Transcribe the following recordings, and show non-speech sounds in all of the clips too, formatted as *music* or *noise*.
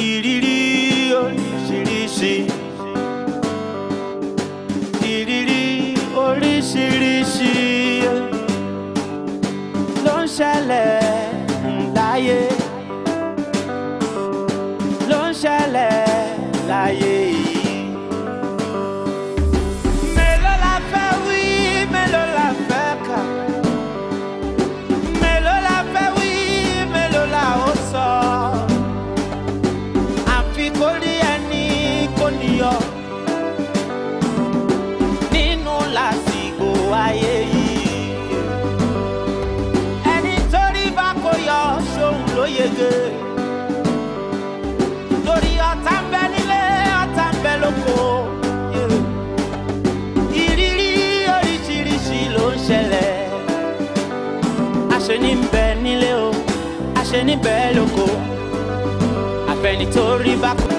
ìrírí oríṣiríṣi. bẹ́ẹ̀ lóko àfẹnitórí bá kú.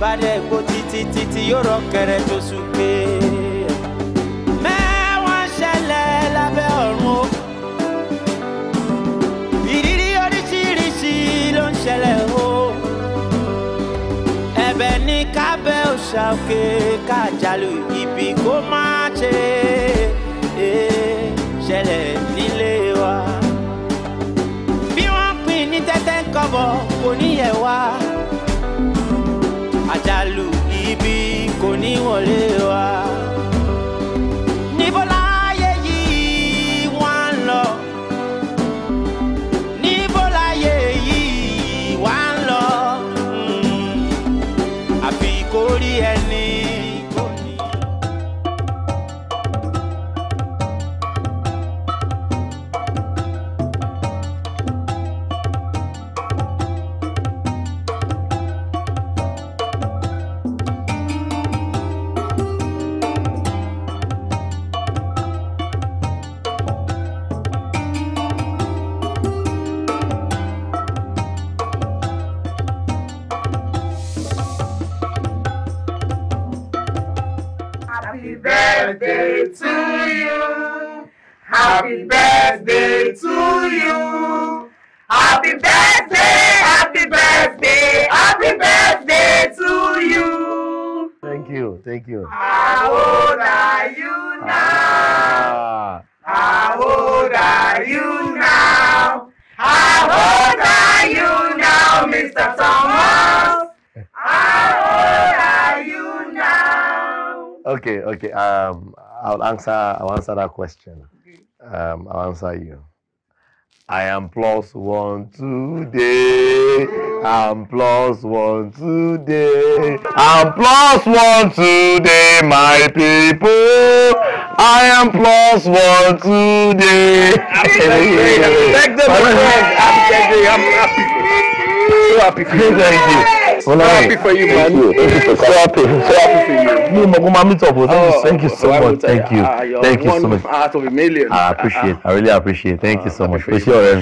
bá dẹ̀ gbó títí títí yóò rọ kẹrẹ tó sùn gbé. mẹ́wọ́n ṣẹlẹ̀ lábẹ́ ọ̀run o. ìrírí oríṣiríṣi ló ń ṣẹlẹ̀ o. ẹ̀bẹ̀ ní kábẹ́ òṣà òkè kájàlú ibi kó má ṣe e, ṣẹlẹ̀ nílé wa. bí wọ́n pín ní tẹ́tẹ́ kọ́bọ̀ kò níyẹ̀ wá ibi kò ní wọlé wa. I'll answer, I'll answer that question. Um, I'll answer you. I am plus one today. I'm plus one today. I'm plus one today, my people. I am plus one today. I'm happy. I'm happy. I'm happy. So happy. Thank you. All Happy for you, man. Thank you. So happy. So happy for you. Me, Moguma, meet up Thank you. Oh, thank you so much. Thank you. Ah, thank you so much. Out of a million. Ah, I appreciate. I really appreciate. Thank you so ah, much. For sure.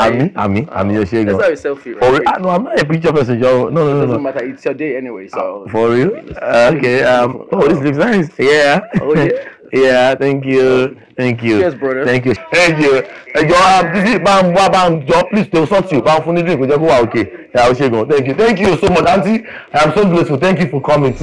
Ami, Ami, Ami, you're sharing. That's how a selfie, right? no, I'm not a preacher person. No, no, no. It doesn't matter. It's your day anyway, so. For real? Okay. Um. Oh, this looks nice. Yeah. Oh yeah. *laughs* yeah thank you thank you yes, brother. thank you thank you ẹjọ títí bá ń wá please tó sọ́ọ̀tì you. ń fún ní drink kó jẹ́ kó wà òkè ẹ̀ àwọn ṣe gan thank you thank you so much aunty i am so grateful thank you for coming.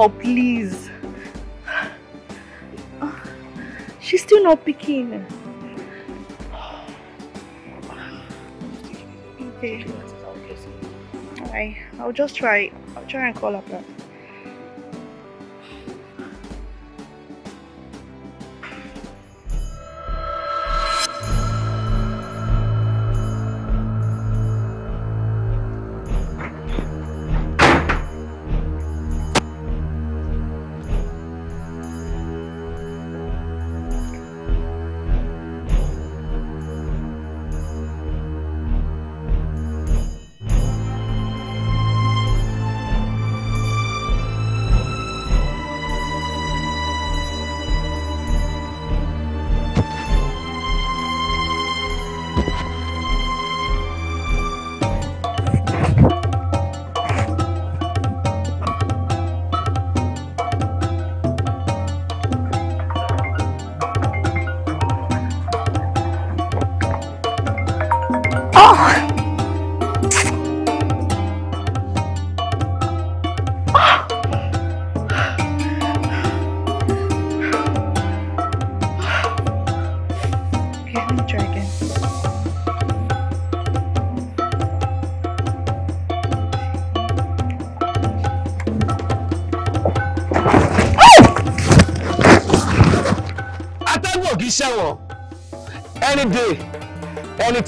up, please. She's still not picking. Okay. Alright, I'll just try. I'll try and call her back.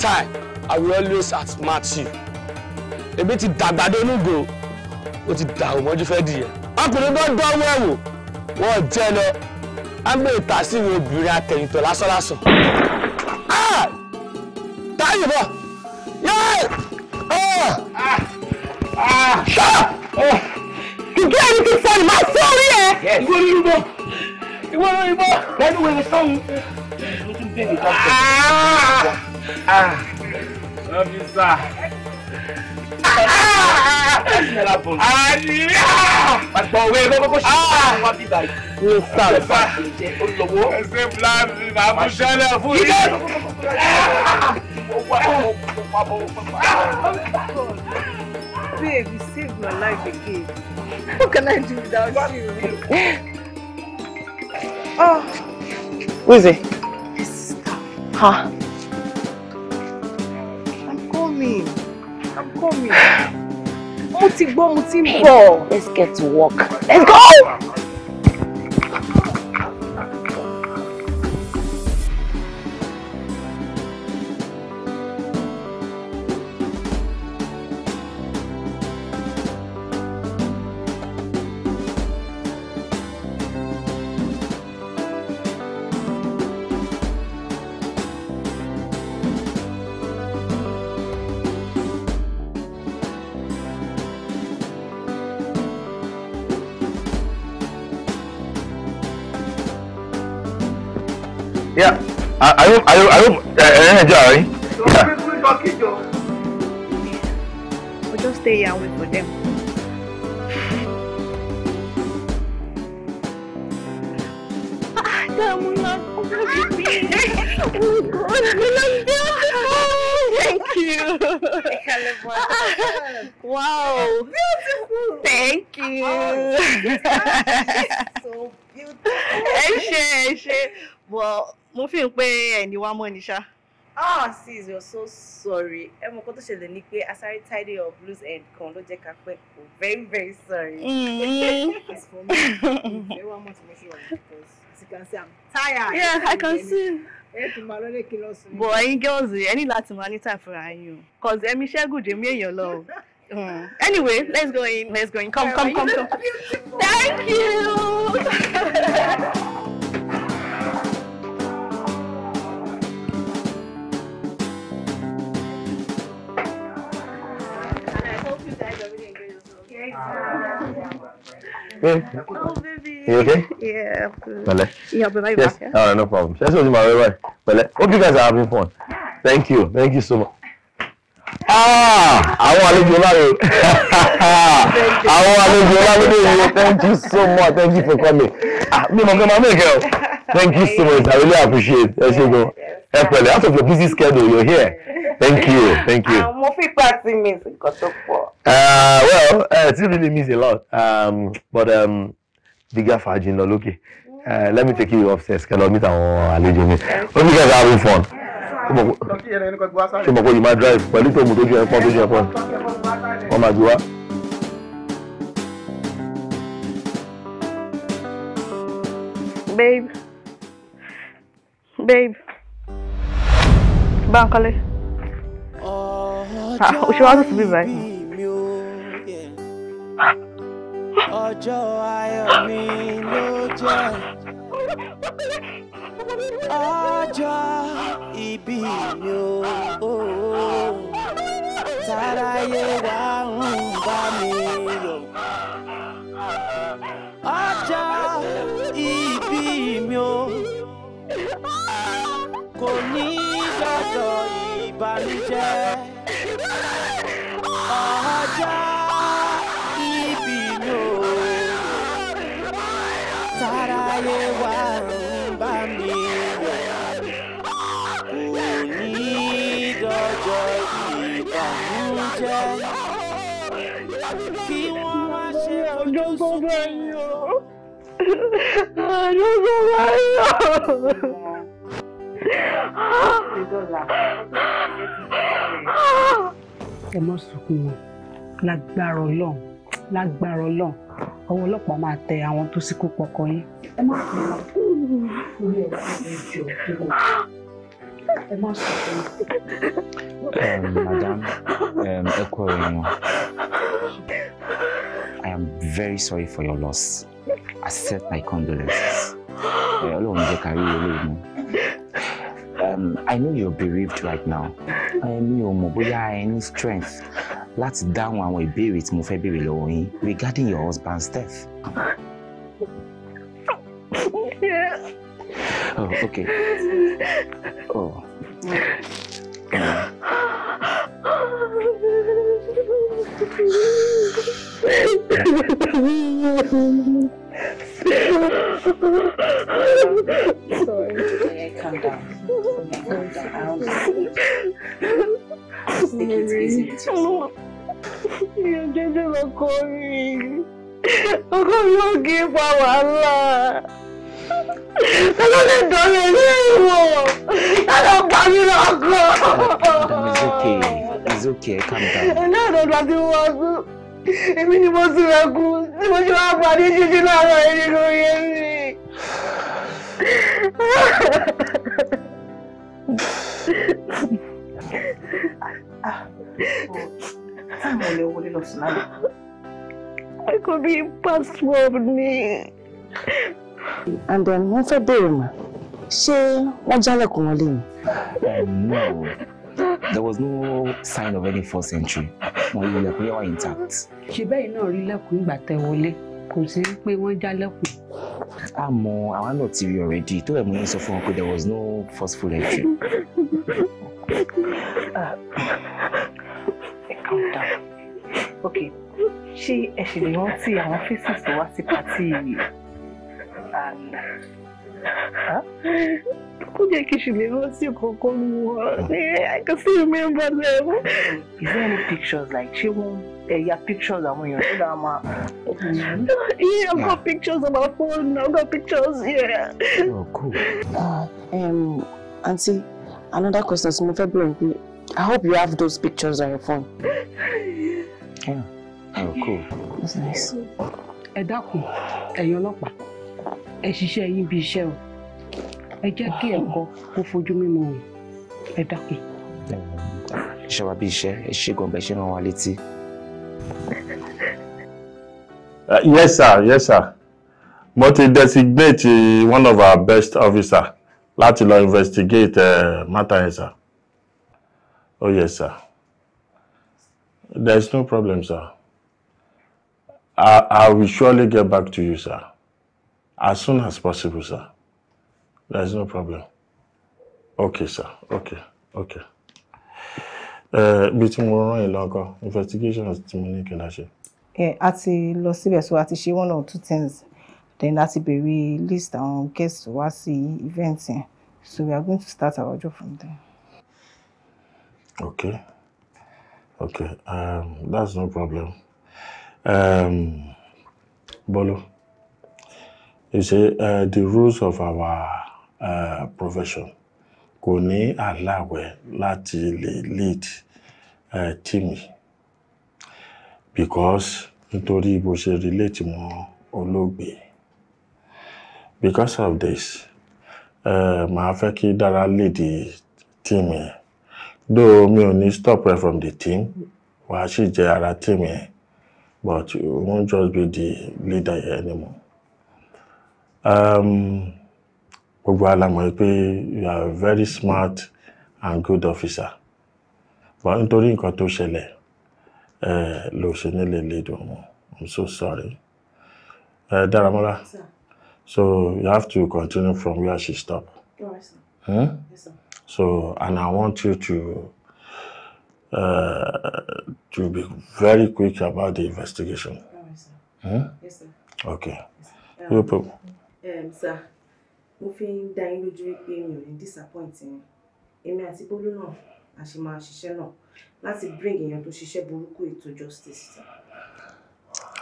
time I will always outsmart you ebi ti dàgbàdo onugo o ti dà òmọ́jú fẹ́ dìyẹ ọkùnrin bá dánwó ẹ̀wò wọ́n jẹ́ lọ ágbé ìta sí ìwé obìnrin atẹ̀yìntọ̀ lásánlásán. Ah! táyì bọ̀ kìkì ah! ah! eh! ẹni ti sọ ní máa sí orí ẹ. ìwọ ni ìbọn ìwọ ni ìbọn lẹnu wẹrẹ sọhún. Ah, Ah, ọ́fíìsà àní àgbọ̀wé kókó ṣe wá bíbá yìí. sábà olówó. ẹsẹ̀ fúlàní máa mú sẹ́lẹ̀ fún yìí. Babe, you saved my life again. What can I do without you? Oh. Who is it? His sister. Huh? coming. I'm coming. Mo ti gbọ́, mo Let's get to work. Let's go! Yeah. I hope I hope I hope ẹ ẹ jọ àárín. We just stay here and wait for them. Come on, oh my God, Thank you. wow. Beautiful. *laughs* Thank you. Oh, so beautiful. Ẹ ṣé, ẹ Well. mo fi ń pé ẹni wa mọ́ ni ṣá. ah sis we are so sorry ẹ mọ nǹkan tó ṣẹlẹ̀ ni pé asáré tidy up loose end kan ló jẹ́ ká pẹ́ kó very very sorry. Mm-hmm. *laughs* as for me very one month mo ṣe wà because as you can see i'm tired. yeah i can see. bọ̀ ẹ̀yin girls ẹ ní láti máa ní time fúnra yín o cause ẹ̀mí ṣẹ́gun jẹ̀mí èèyàn lọ o. Mm. Anyway, let's go in. Let's go in. Come, come, come, come. Thank you. *laughs* Oh, baby. You okay? Yeah, absolutely. Yeah, I'll be right yes. back. Yeah? ¿eh? All right, no problem. That's what my way. But hope you guys are having fun. Thank you. Thank you so much. Ah, àwọn àlejò láre. Àwọn àlejò láre. Thank you so much. Thank you for coming. Ah, mi mọ̀ pé màá mú ìkẹ́ o. Thank you so much. I really appreciate it. Ẹ ṣé gan. Ẹ pẹ̀lẹ́ out of your busy schedule you're here. Thank you. Thank you. Mo fi party miss nǹkan tó pọ̀. Uh, well, uh, it really means a lot. Um, but um, bigger for lọ lókè. Uh, let me take you upstairs. Kẹ́ lọ meet àwọn àlejò mi. Hope you guys are having fun. Ṣé mo kó yìí máa drive pẹ̀lú tó mú tójú ẹ̀ pọ́n tójú ẹ̀ pọ́n? Wọ́n máa gbé wá. babe. Babe. Bánkọ́lé. O ah, ṣe wá tó síbí báyìí. Ọjọ́ ayọ̀ mi ló jẹ́. Ọjọ́ ìbí mi ò. Táráyé mi yọ̀. Ọjọ́ ìbí mi kò ní dọ̀dọ̀ ìbànújẹ́. ọjà ibi ni o táráyé wà ń bá mi kò ní dọ̀dọ̀ ìbànújẹ́. kí wọ́n wá ṣe ojúṣe mi o. I don't know why ẹ mọ sunkún wọn lágbára Ọlọ́run lágbára Ọlọ́run ọwọ́ ọlọ́pàá máa tẹ àwọn tó ṣekú pọkọ yín. ẹ má sunkún orí ẹ jọ ẹ má madam ẹ kú ọ̀rọ̀ wọn I am very sorry for your loss. Accept my condolences. Ọlọ́run jẹ́ ká rí olóògùn um, I know you're bereaved right now eh, mi ò mọ̀ bóyá ẹ strength láti dáhùn àwọn ìbéèrè tí mo fẹ́ béèrè lọ́wọ́ yín regarding your husband's death. oh, okay. Oh. Um. ọkọ mi ọkọ mi ò gé pa wàhálà ọkọ mi dọ̀rọ̀ ilé ìwọ̀ ọkọ pa mi lọ́kọ. it's okay it's okay calm down. ẹ̀nà ọ̀dọ̀dọ̀ àti wọ́n sún èmi ni mo sùn rẹ̀ kú tí mo ṣe wá pàdé ṣíṣe láwọn ẹni lórí ẹni. Ah, ah. Oh, I'm only holding us now. I could be password me. and then wọ́n fẹ́ béèrè mà ṣé wọ́n jálẹ̀kùn wọn oh, no there was no sign of any forced entry My ear ilẹ̀kùn yẹn wà intact. ṣe bẹ́ẹ̀ náà rí lẹ́kùn ìgbà tẹ wọlé kò sí pé wọ́n jálẹ̀kùn. àmọ́ àwa náà ti rí already Two ẹ̀ mú yín there was no forceful entry. uh, calm down. okay ṣé ẹ ṣì lè rántí àwọn faces tó wá sí pàtí and kó jẹ́ kí n ṣì lè rántí kankan mu wọn I can still remember them. Is there any pictures like ṣé wọ́n ẹ̀yà pictures àwọn èèyàn tó dáa máa. Yeah, I got pictures on my phone. I got pictures here. Yeah. Oh, cool. Uh, um, auntie, another question. Mo fẹ́ bẹ̀rẹ̀ pé I hope you have those pictures on your phone. Yeah. Oh, cool. That's nice. Ẹ dákun, ẹ̀yin ọlọ́pàá, ẹ ṣiṣẹ́ yín bí iṣẹ́ o. Ẹ jẹ́ kí ẹ̀kọ́ kó fojú mímu o. Ẹ dákun. Iṣẹ́ wa bí iṣẹ́, ẹ ṣe gọ̀ǹbẹ̀ ṣe rán wa létí. Uh, yes sir, yes sir. Mo ti designate one of our best officer láti lọ investigate uh, matter yẹn sir. Oh yes sir. There's no problem sir. I, I will surely get back to you, sir. As soon as possible, sir. There is no problem. Okay, sir. Okay. Okay. Uh, bí tí mo rán yín lọ́kọ́, investigations tí mo ní kí n dá ṣe. Ẹ a ti lọ síbẹ̀ so a ti ṣe one or two things then a ti bèrè list àwọn guests wá sí event yẹn so we are going to start our job from there. Okay. Okay. Um, that's no problem. Um, Bolo, you say uh, the rules of our uh, profession kò ní aláwẹ̀ láti lè lead uh, because nítorí bó ṣe relate mọ́ olóògbé because of this uh, màá fẹ́ kí Dára lead the yẹn though mi ò ní stop from the team wàá sì jẹ́ ara team yẹn but you won't just be the leader here anymore. Um, gbogbo um, alamọ̀ pé you are a very smart and good officer but nítorí nǹkan tó ṣẹlẹ̀ eh, ló ṣe nílé lédò wọn I'm so sorry. Uh, eh, Daramola, so you have to continue from where she stopped. All Hmm? Yes, sir. So, and I want you to Uh, to be very quick about the investigation. Hmm? Yes, sir. Okay. Yes, sir. Um, no Um, sir, mo fi ń dá yín lójú wípé mi ò ní disappoint yín. Èmi àti Bólú náà a ṣe máa ṣiṣẹ́ náà láti bring èèyàn tó ṣiṣẹ́ burúkú ètò justice.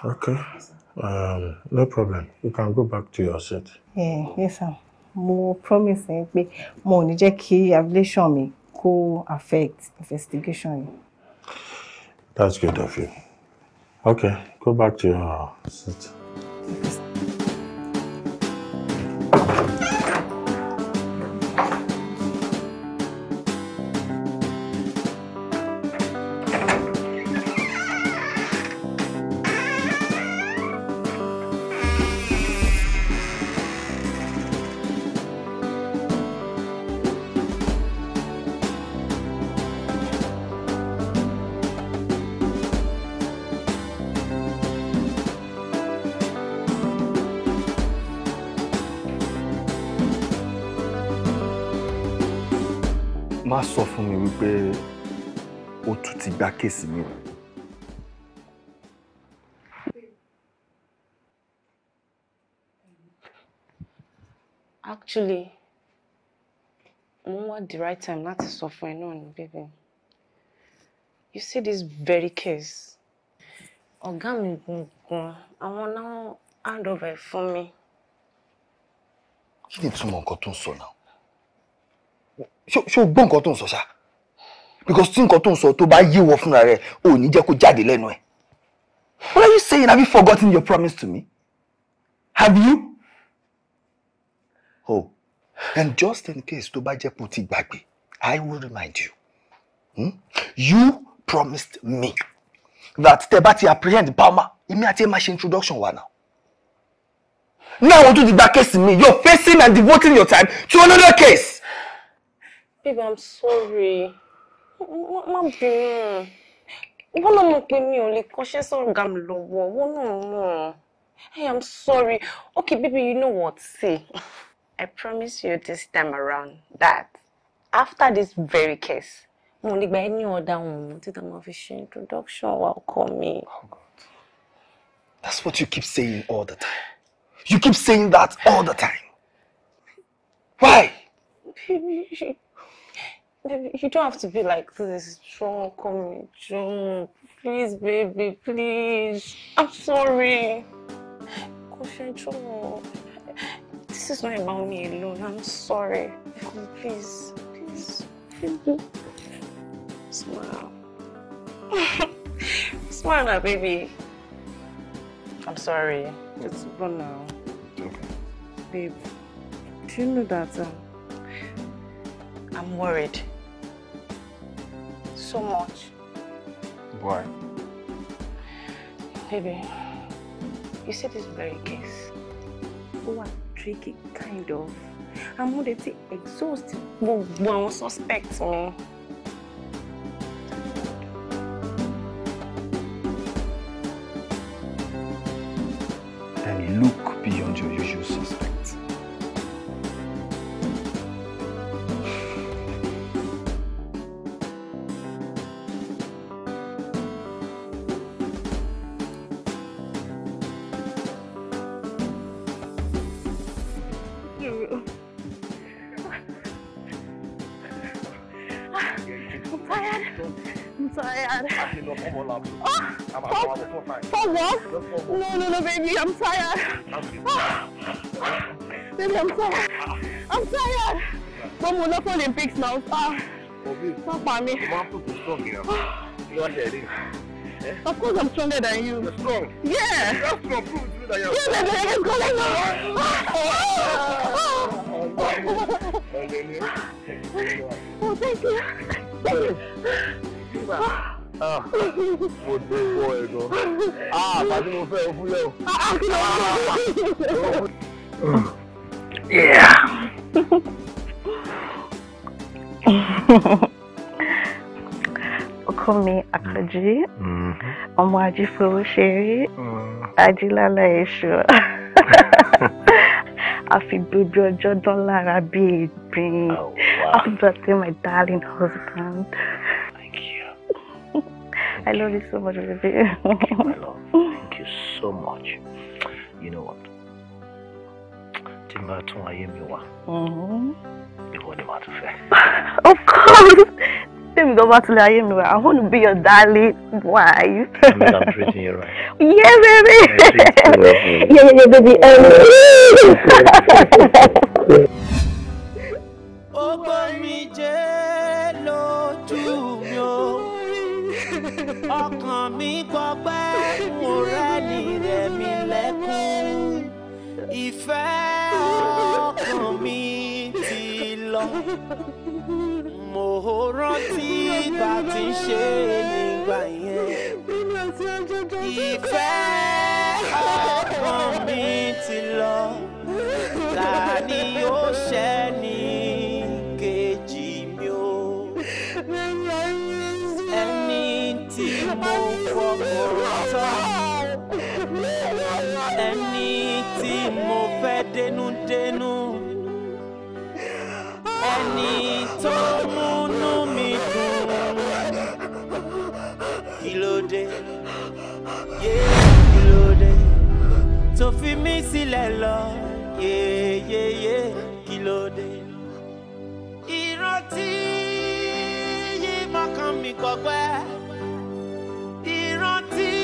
Okay. Yes, um, no problem. You can go back to your seat. Yeah, yes, sir. Mo promise yín pé mo ò ní jẹ́ kí ablation mi kó affect investigation That's good of you. Okay, go back to your seat. Yes. kéèsì Actually, mo the right time láti sọ fún no, baby. You see this very case. Ọ̀gá mi gbọ̀ngàn àwọn náà hand over fún mi. Kí ni ìtumọ̀ to tó ń sọ náà? Ṣé o gbọ́ nǹkan tó ń sọ ṣáá? because tí nǹkan tó ń sọ tó bá yé wọ fúnra rẹ ò ní jẹ́ kó jáde lẹ́nu ẹ̀. What are you saying? Have you forgotten your promise to me? Have you? Oh, and just in case tó bá jẹ́ kó ti gbàgbé, I will remind you. Hmm? You promised me that tẹ́ bá ti apprehend Palmer, èmi àti ẹ̀ máa ṣe introduction wa now. Now unto the dark case me, you're facing and devoting your time to another case. Babe, I'm sorry má bínú wọ́n lọ mọ̀ pé mi ò lè kọ́ṣẹ́ sọ̀gá mi lọ́wọ́ wọ́n náà mọ̀ I am sorry okay baby you know what see I promise you this time around that after this very case mo lè gba any other one títí a máa fi ṣe introduction wa ọkọ mi. Oh God. That's what you keep saying all the time. You keep saying that all the time. Why? You don't have to be like this. John. Come call John. Please, baby, please. I'm sorry. This is not about me alone. I'm sorry. Please, please, please. Smile. *laughs* Smile now, baby. I'm sorry. It's gone now. Okay. Babe, do you know that um, I'm worried? so much. Why? Baby, you see this very case. What tricky, kind of. I'm already exhausted. Gbogbo àwọn suspects oh. Uh, I'm sorry. I'm tired. Mo mú lọ́kọ̀ Olympics now, ah. Wọ́n pa for me. Eh? Of course I'm stronger than you. You're strong? Yeah. You're strong. Prove to me that you're strong. Yeah, baby, I'm calling Let's Oh, thank you. Ah, you. Ah. mo dé wọ ẹ gan. Ah, àbájú mo fẹ́ fúlẹ̀ o. kí ló wá wá. Yeah. Okumi *laughs* Akaji, mm-hmm. Omwaji Furushiri, mm. Ajilala Eshu. Àfi dojú ọjọ́ dán lára bí ìgbín. Happy birthday my darling husband. Thank you. I love you so much baby. Thank you my love. *laughs* Thank you so much. You know what? tí n bá tún mi wá mm-hmm. ìwọ ni màá tún fẹ́. *laughs* of course tèmi gan bá tún ayé mi wá I want to be your darling wife. I mean I'm treating you right. *laughs* *laughs* yeah baby yeah yeah yeah baby. ọgbọ́n mi jẹ́ lójú mi o ọkàn mi gbọgbẹ́ mo rẹ́ ní rẹ̀ mi lẹ́kùn ìfẹ́ mi ti lọ mo rántí bá ti ṣe nígbà yẹn ìfẹ́ ọkàn mi ti lọ ta ni yóò ṣẹ́ ni kejì mi o ẹni tí mo fọkàn tán ẹni tí mo fẹ́ dénúdénú ẹni tó múnú mi dùn kí ló dé yé kí ló dé tó fi mí sílẹ̀ lọ kí ló dé ìrántí yìí mọ́kàn mi kọ̀gbẹ́ ìrántí.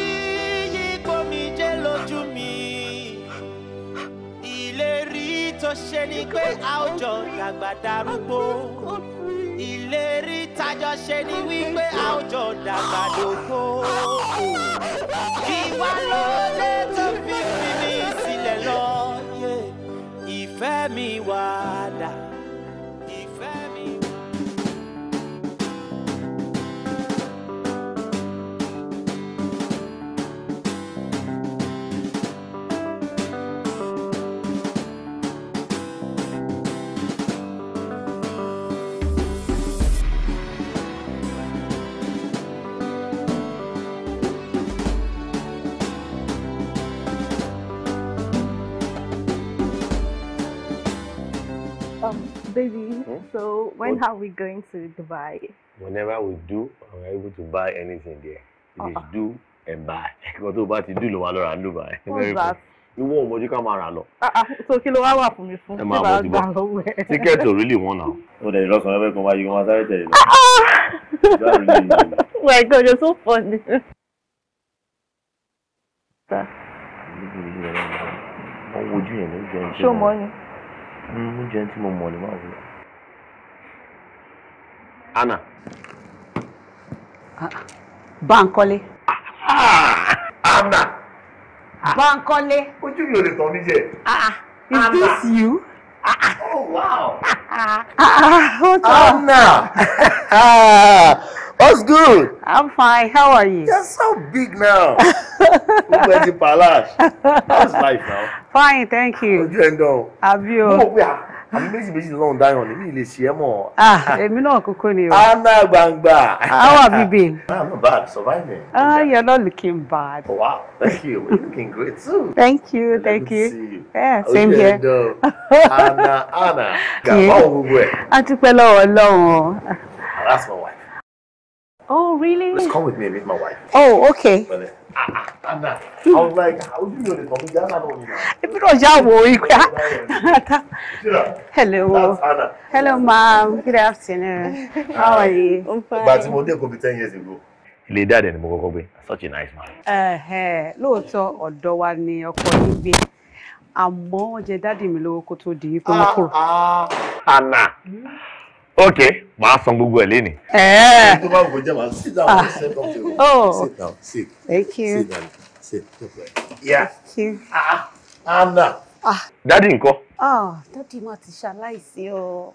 tó ṣe ni pé a ó jọ dàgbà darúgbó ìlérí tájọ ṣe ni wípé a ó jọ dàgbà dógbó ìwà ló lè tó. baby. Hmm? So when what? are we going to Dubai? Whenever we do, we are able to buy anything there. It uh-uh. Ah. is do and buy. Nǹkan *laughs* tó bá ti dùn ló wà lọ́ra ń Dubai. What's that? Iwọ ọmọdé ká máa Ah, lọ. Ah, so kí ló wá wà fún mi fún? Ẹ máa wọ ti bọ̀. Tíkẹ́ẹ̀tì ò really wọ́n Oh, Ó is lọ́sàn-án lọ́fẹ̀ẹ́ kan You come wọ́n sáré tẹ̀lé lọ. Ah, *laughs* My God, you're so funny. Wọ́n wojú yẹn oúnjẹ tí mo mọ̀ ní máa wúlò. Anna. Ah, ah. Bánkọ́lé. Ah, Anna. Bánkọ́lé. Ojú mi ò lè tàn mí jẹ. Is this you? Oh wow! Anna. *laughs* What's good? I'm fine. How are you? You're so big now. Ubedi Palash. How's life now? Fine, thank you. Ojú ẹ̀ ń dán o. Àbí busy, Mo mọ̀ pé ah, àmì méjì méjì lọ́run dáyọ̀ ní mi lè ṣe é mọ̀. Ah, èmi náà kókó ni o. Anna gbangba. How have you been? *laughs* I'm not bad, surviving. Ah, you're not looking bad. Oh, wow, thank you. You're looking great too. Thank you, Let thank you. See you. Yeah, same here. Ojú ẹ̀ ń dán o. Anna *laughs* Anna. Gàbá I took A long, long. Ọlọ́run. Ah, that's my wife. Oh, really? Just come with me and meet my wife. Oh, okay. Well, ah, ah, Anna. I was like, how do you know this? From Ghana, no, Because you are Hello. Hello, ma'am. Good afternoon. how are you? I'm fine. But Timothy could be 10 years ago. Ilé dáadé ni mo kọ́kọ́ gbé. Such a nice man. Ẹ̀hẹ̀ lóòótọ́ ọ̀dọ̀ wa ni ọkọ yín gbé. Àmọ́ wọ́n jẹ dáàdì mi lówó kó tó di yín pé wọ́n kúrò. Ah, Anna. Hmm ok màá san gbogbo ẹ lẹ́nìí. ẹ̀ẹ́ tó bá wù thank you sit down ah anna. Ah. dádì ńkọ́. Ah, dádì máa ti ṣaláìsí o. Oh.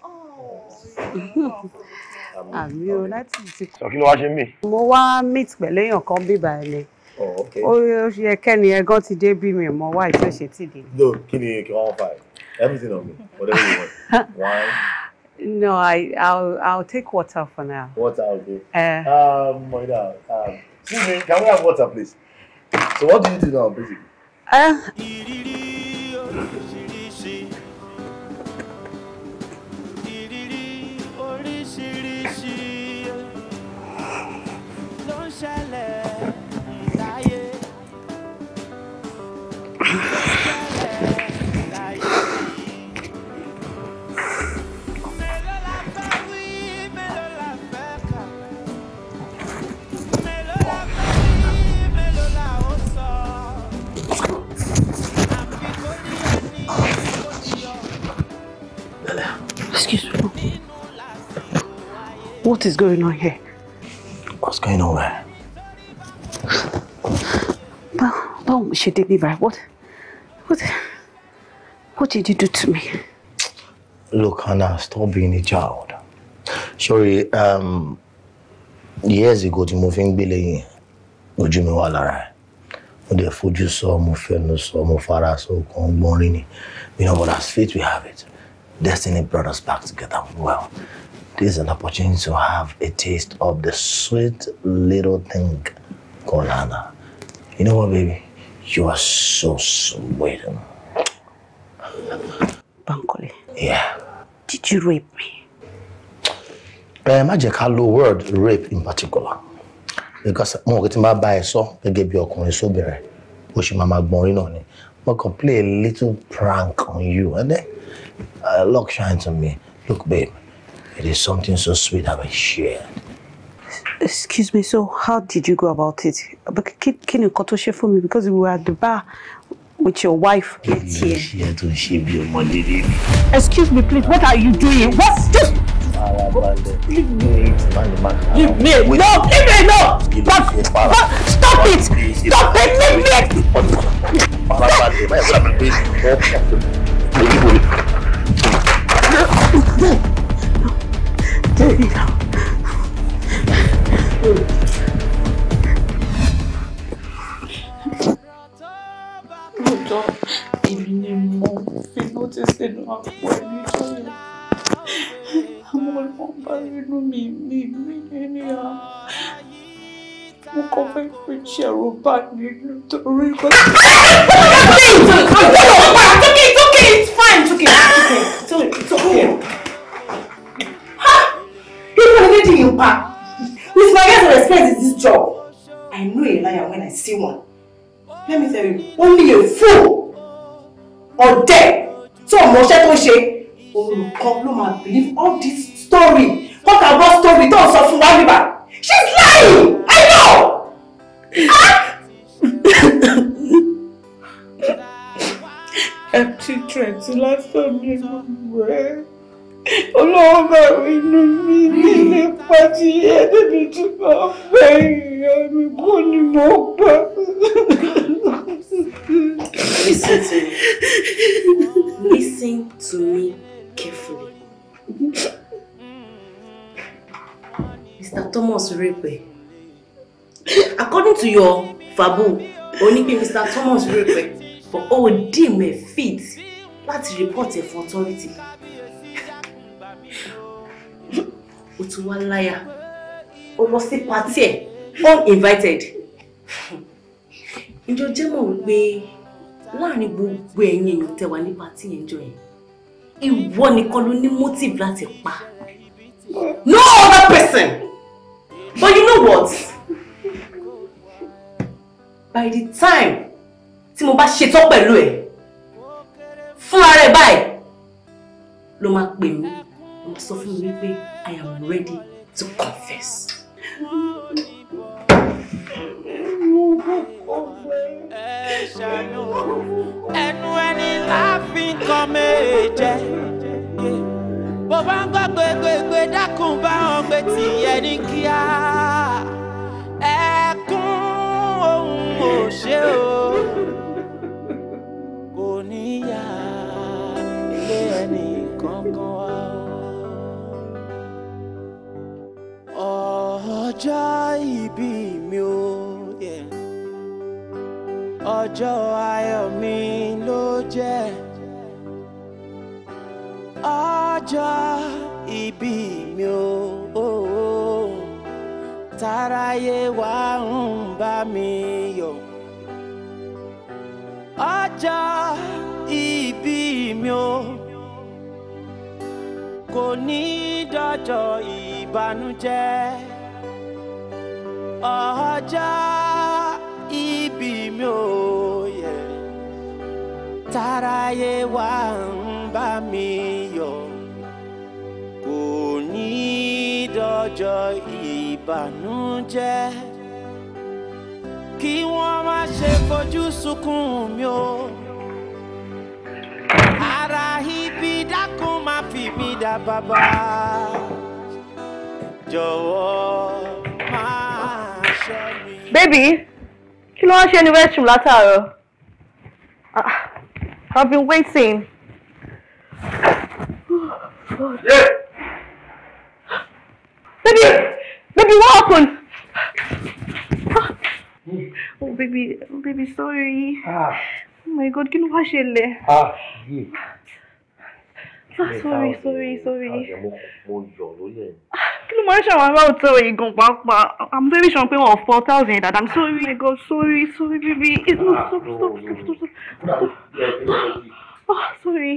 àmì o láti ti. sọ kí ló wá ṣe mí. mo wá meet pẹ̀lú èèyàn kan bíbá ẹ ni oh, ó yẹ kẹ́ni ẹgán ti dé bí mi mọ̀ wá ìtọ́ṣe tì dé. kí ni kí wọ́n fà ẹ́ everything on me whatever you want wine. *laughs* No, I, I'll, I'll take water for now. Water, okay. Uh, um, Moida, um, me, can we have water, please? So what do you do now, basically? Uh, *laughs* *laughs* What is going on here? What's going on there? Well, no, she did me right. What, what, what did you do to me? Look, Anna, stop being a child. Sorry, um, years ago the moving fi ń gbélé yìí, ojú mi the food you saw, dẹ̀ fojú sọ, mo fẹnu sọ, mo fara sọ, kan You know, but as fate we have it, destiny brought us back together well. This is an opportunity to have a taste of the sweet little thing called Anna. You know what, baby? You are so sweet. Bankole. Yeah. Did you rape me? Uh, má jẹ́ ká lo word rape in particular. Because mo kò tí máa bá ẹ sọ gẹ́gẹ́ bí ọkùnrin sóbìnrin, ó ṣe máa máa gbọ́n orí náà ni. Mo play a little prank on you and then uh, luck shine to me. Look babe, It is something so sweet that we shared. Excuse me, so how did you go about it? But can ni nǹkan tó share for me because we were at the bar with your wife late here. Ṣé ẹ tún ṣe bí ọmọ Excuse me please, what are you doing? What? Just... Leave me. Leave me. No, leave me, no. But, stop it. Stop it, leave me. Stop. There you go. okay, it's okay, it's fine. it's okay, it's okay, it's okay. People are making you pack. With my guys respect is this job. I know a liar when I see one. Let me tell you, only a fool or dead tó mọṣẹ́ tó ṣe olùkọ́ ló máa believe all this story What kọ́kàbọ́ story tó ń sọ fún wa bíbá she's lying I know. Ah! ẹ ti tẹ̀sí lásán nínú rẹ̀ olówó bẹ̀rù inú mi ní ilé pàtí ẹ̀ẹ́dẹ́gbẹ̀ẹ́ tí mo fẹ́ ìyá kú ni mo gbọ́. Listen to me. Listen to me carefully. Mr. Thomas Repe, according to your fabu, ó Mr. Thomas Repe for all dìmẹ̀ fit láti report ẹ̀ authority. o ti wá láyà o lọ sí pàtí ẹ̀ uninvited ìjọ *laughs* jẹ́ mọ̀ wípé láàrin gbogbo ẹ̀yin èèyàn tẹwà ní pàtí yẹn jọ yẹn ìwọ nìkan ló ní motive láti pa no other person but you know what by the time tí mo bá ṣetán pẹ̀lú ẹ̀ fúnra rẹ̀ báyìí ló máa pè mí sọ fún mi wípé I am ready to confess. ẹnu ẹni láàfin kan méje bó bá ń gbọ́ gbégbégbé dákun bá wọn gbé tìyẹ ní kíá ẹkún ohun ò ṣe o kò níyà ilé ẹnì kankan wá. ọjọ́ ìbí mi o ọjọ́ ayọ̀ mi ló jẹ́ ọjọ́ ìbí mi o oh. táráyé wá ń bá mi yọ̀ ọjọ́ ìbí mi o kò ní dọjọ́ ìbànújẹ́ ọjà ibi mi ò yẹ táráyé wá ń bá mi yọ̀ kò ní dọjọ́ ìbànújẹ́ kí wọ́n má ṣe fojú sunkún mi o ara ibi dákun má fi mi dá bàbá jọ̀wọ́. Baby, kí ló wá ṣe ní restroom látàárọ̀? Ah, I've been waiting. Oh, yeah. Baby, baby, what happened? Ah. Oh, baby, oh, baby, sorry. Ah. Oh my God, kí ló wá ṣẹlẹ̀? Ah, yeah. Ah, sorry, sorry, sorry. Ah, mo kí ló máa ń ṣàwọn ará òtọ́ ìgàn pàápàá i'm very sure pé wọn ò fọ thousand dada i'm sorry my god sorry sorry baby it's no so so so so oh sorry.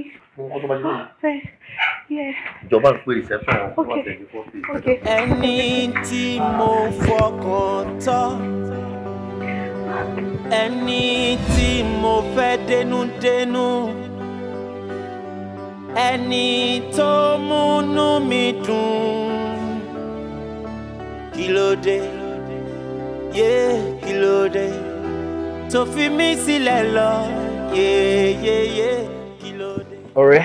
Eh, ìjọba ń pè reception wọn fún àtẹ̀jú fọ́ọ̀tì. ẹni tí mo fọkàn tán ẹni tí mo fẹ́ dénúdénú ẹni tó múnú mi dùn kí ló dé yé kí ló dé tó fi mí sílẹ̀ lọ yé yé yé kí ló dé. ọ̀rẹ́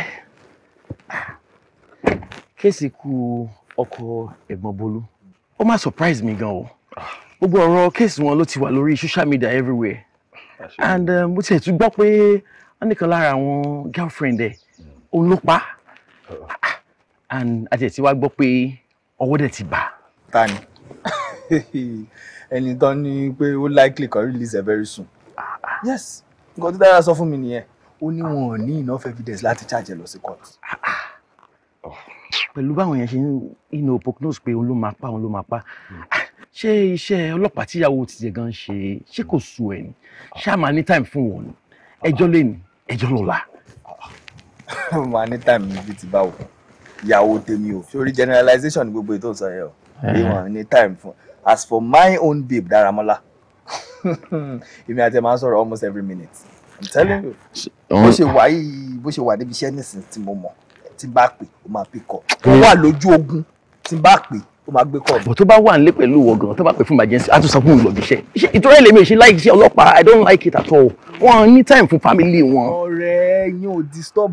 kéèsì ku ọkọ ẹ̀gbọ́n Bólú ó má surprise mi gan o gbogbo ọ̀rọ̀ kéèsì wọn ló ti wà lórí social media everywhere and um, mo tiẹ̀ tún gbọ́ pé wọ́n nìkan lára àwọn girlfriend ẹ̀ òun ló pa and àti ẹ̀ tí wàá gbọ́ pé ọwọ́ dẹ̀ ti bà. ta ni. *laughs* ẹni tán ní pé ó likely kan release ẹ very soon ah, ah. yes nǹkan tó dára sọ fún mi nìyẹn ó ní wọn ò ní enough evidence láti charge ẹ lọ sí court. Ah, oh. pẹ̀lú báwọn yẹn ṣe ń inú prognose pé òun ló máa pa òun ló máa pa hmm. ṣé iṣẹ́ ọlọ́pàá tíyàwó ti gan ṣe ṣé kò sú ẹ ni ṣá máa ní time fún wọn ẹjọ́ lẹ́nu ẹjọ́ lọ́la. *laughs* máa ní time níbi tí báwo ìyàwó tèmi ò sórí generalization ni gbogbo ètò ìsọyẹ o bí wọn ní time fún as for my own babe Dáramọ́lá *laughs* èmi àti ẹ máa ń sọ̀rọ̀ almost every minute i'm telling you bó ṣe wà yìí bó ṣe wà níbi iṣẹ́ nísìnyí tí mo mọ̀ tí n bá pè ó máa pè kọ́ ó wà lójú ogun tí n bá pè ó máa gbé kọ́. bọ̀ tó bá wà nílé pẹ̀lú ìwọ gan tó bá pè fún emergency á tún sọ fún ìlọ́bí iṣẹ́ ìtura ilé mi ṣe láì iṣẹ́ ọlọ́pàá i don't like it at all wọn ní time fún family wọn. ọ̀rẹ́ yín ò disturb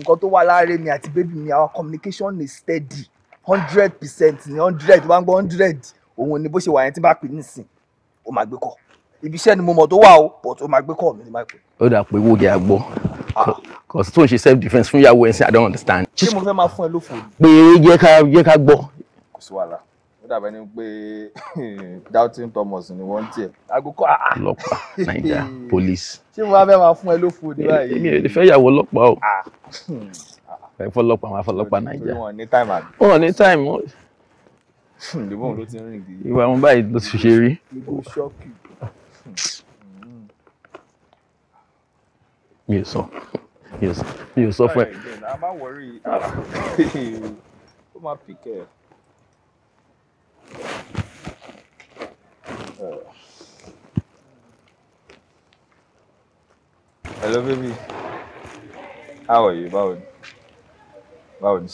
nǹkan tó wà láàárín mi àti bébí mi our communication is steady hundred percent ní hundred tó bá hundred òun ni bó ṣe wà yẹn tí bá pè nísìn ó máa gbé kọ́ ibi iṣẹ́ ni mo mọ̀ tó wà o but ó máa gbé kọ́ mi ní máa pè. ó dà pé wóge àgbọ̀ ah. cause tó ń ṣe self defence fún ìyàwó ẹ̀ sí i don't understand. ṣé mo fẹ́ máa fún ẹ lófo. pé jẹ́ ká jẹ́ ká gbọ́. kò sí wàhálà ó dàbẹ́ ni pé *laughs* doubting thomas ni wọ́n ń tiẹ̀. àgùkọ àá. Ah, ah. ọlọ́pàá naija *laughs* police. ṣé mo bá fẹ́ máa fún ẹ lófo ní báyìí. èmi ò lè fẹ́ ìyàwó ọlọ́pàá o. *laughs* fọlọ́pàá àwọn afọlọ́pàá naija wọn ní táìmù àbí. wọn ní táìmù. Hmm, ìdìbò ló ti rìn gidi. ìwà wọn báyìí ló ti ṣe rí. mi ò sọ mi ò sọ mi ò sọ fún ẹ. *laughs* Hello baby. How are you? Báwo ni? báwo ni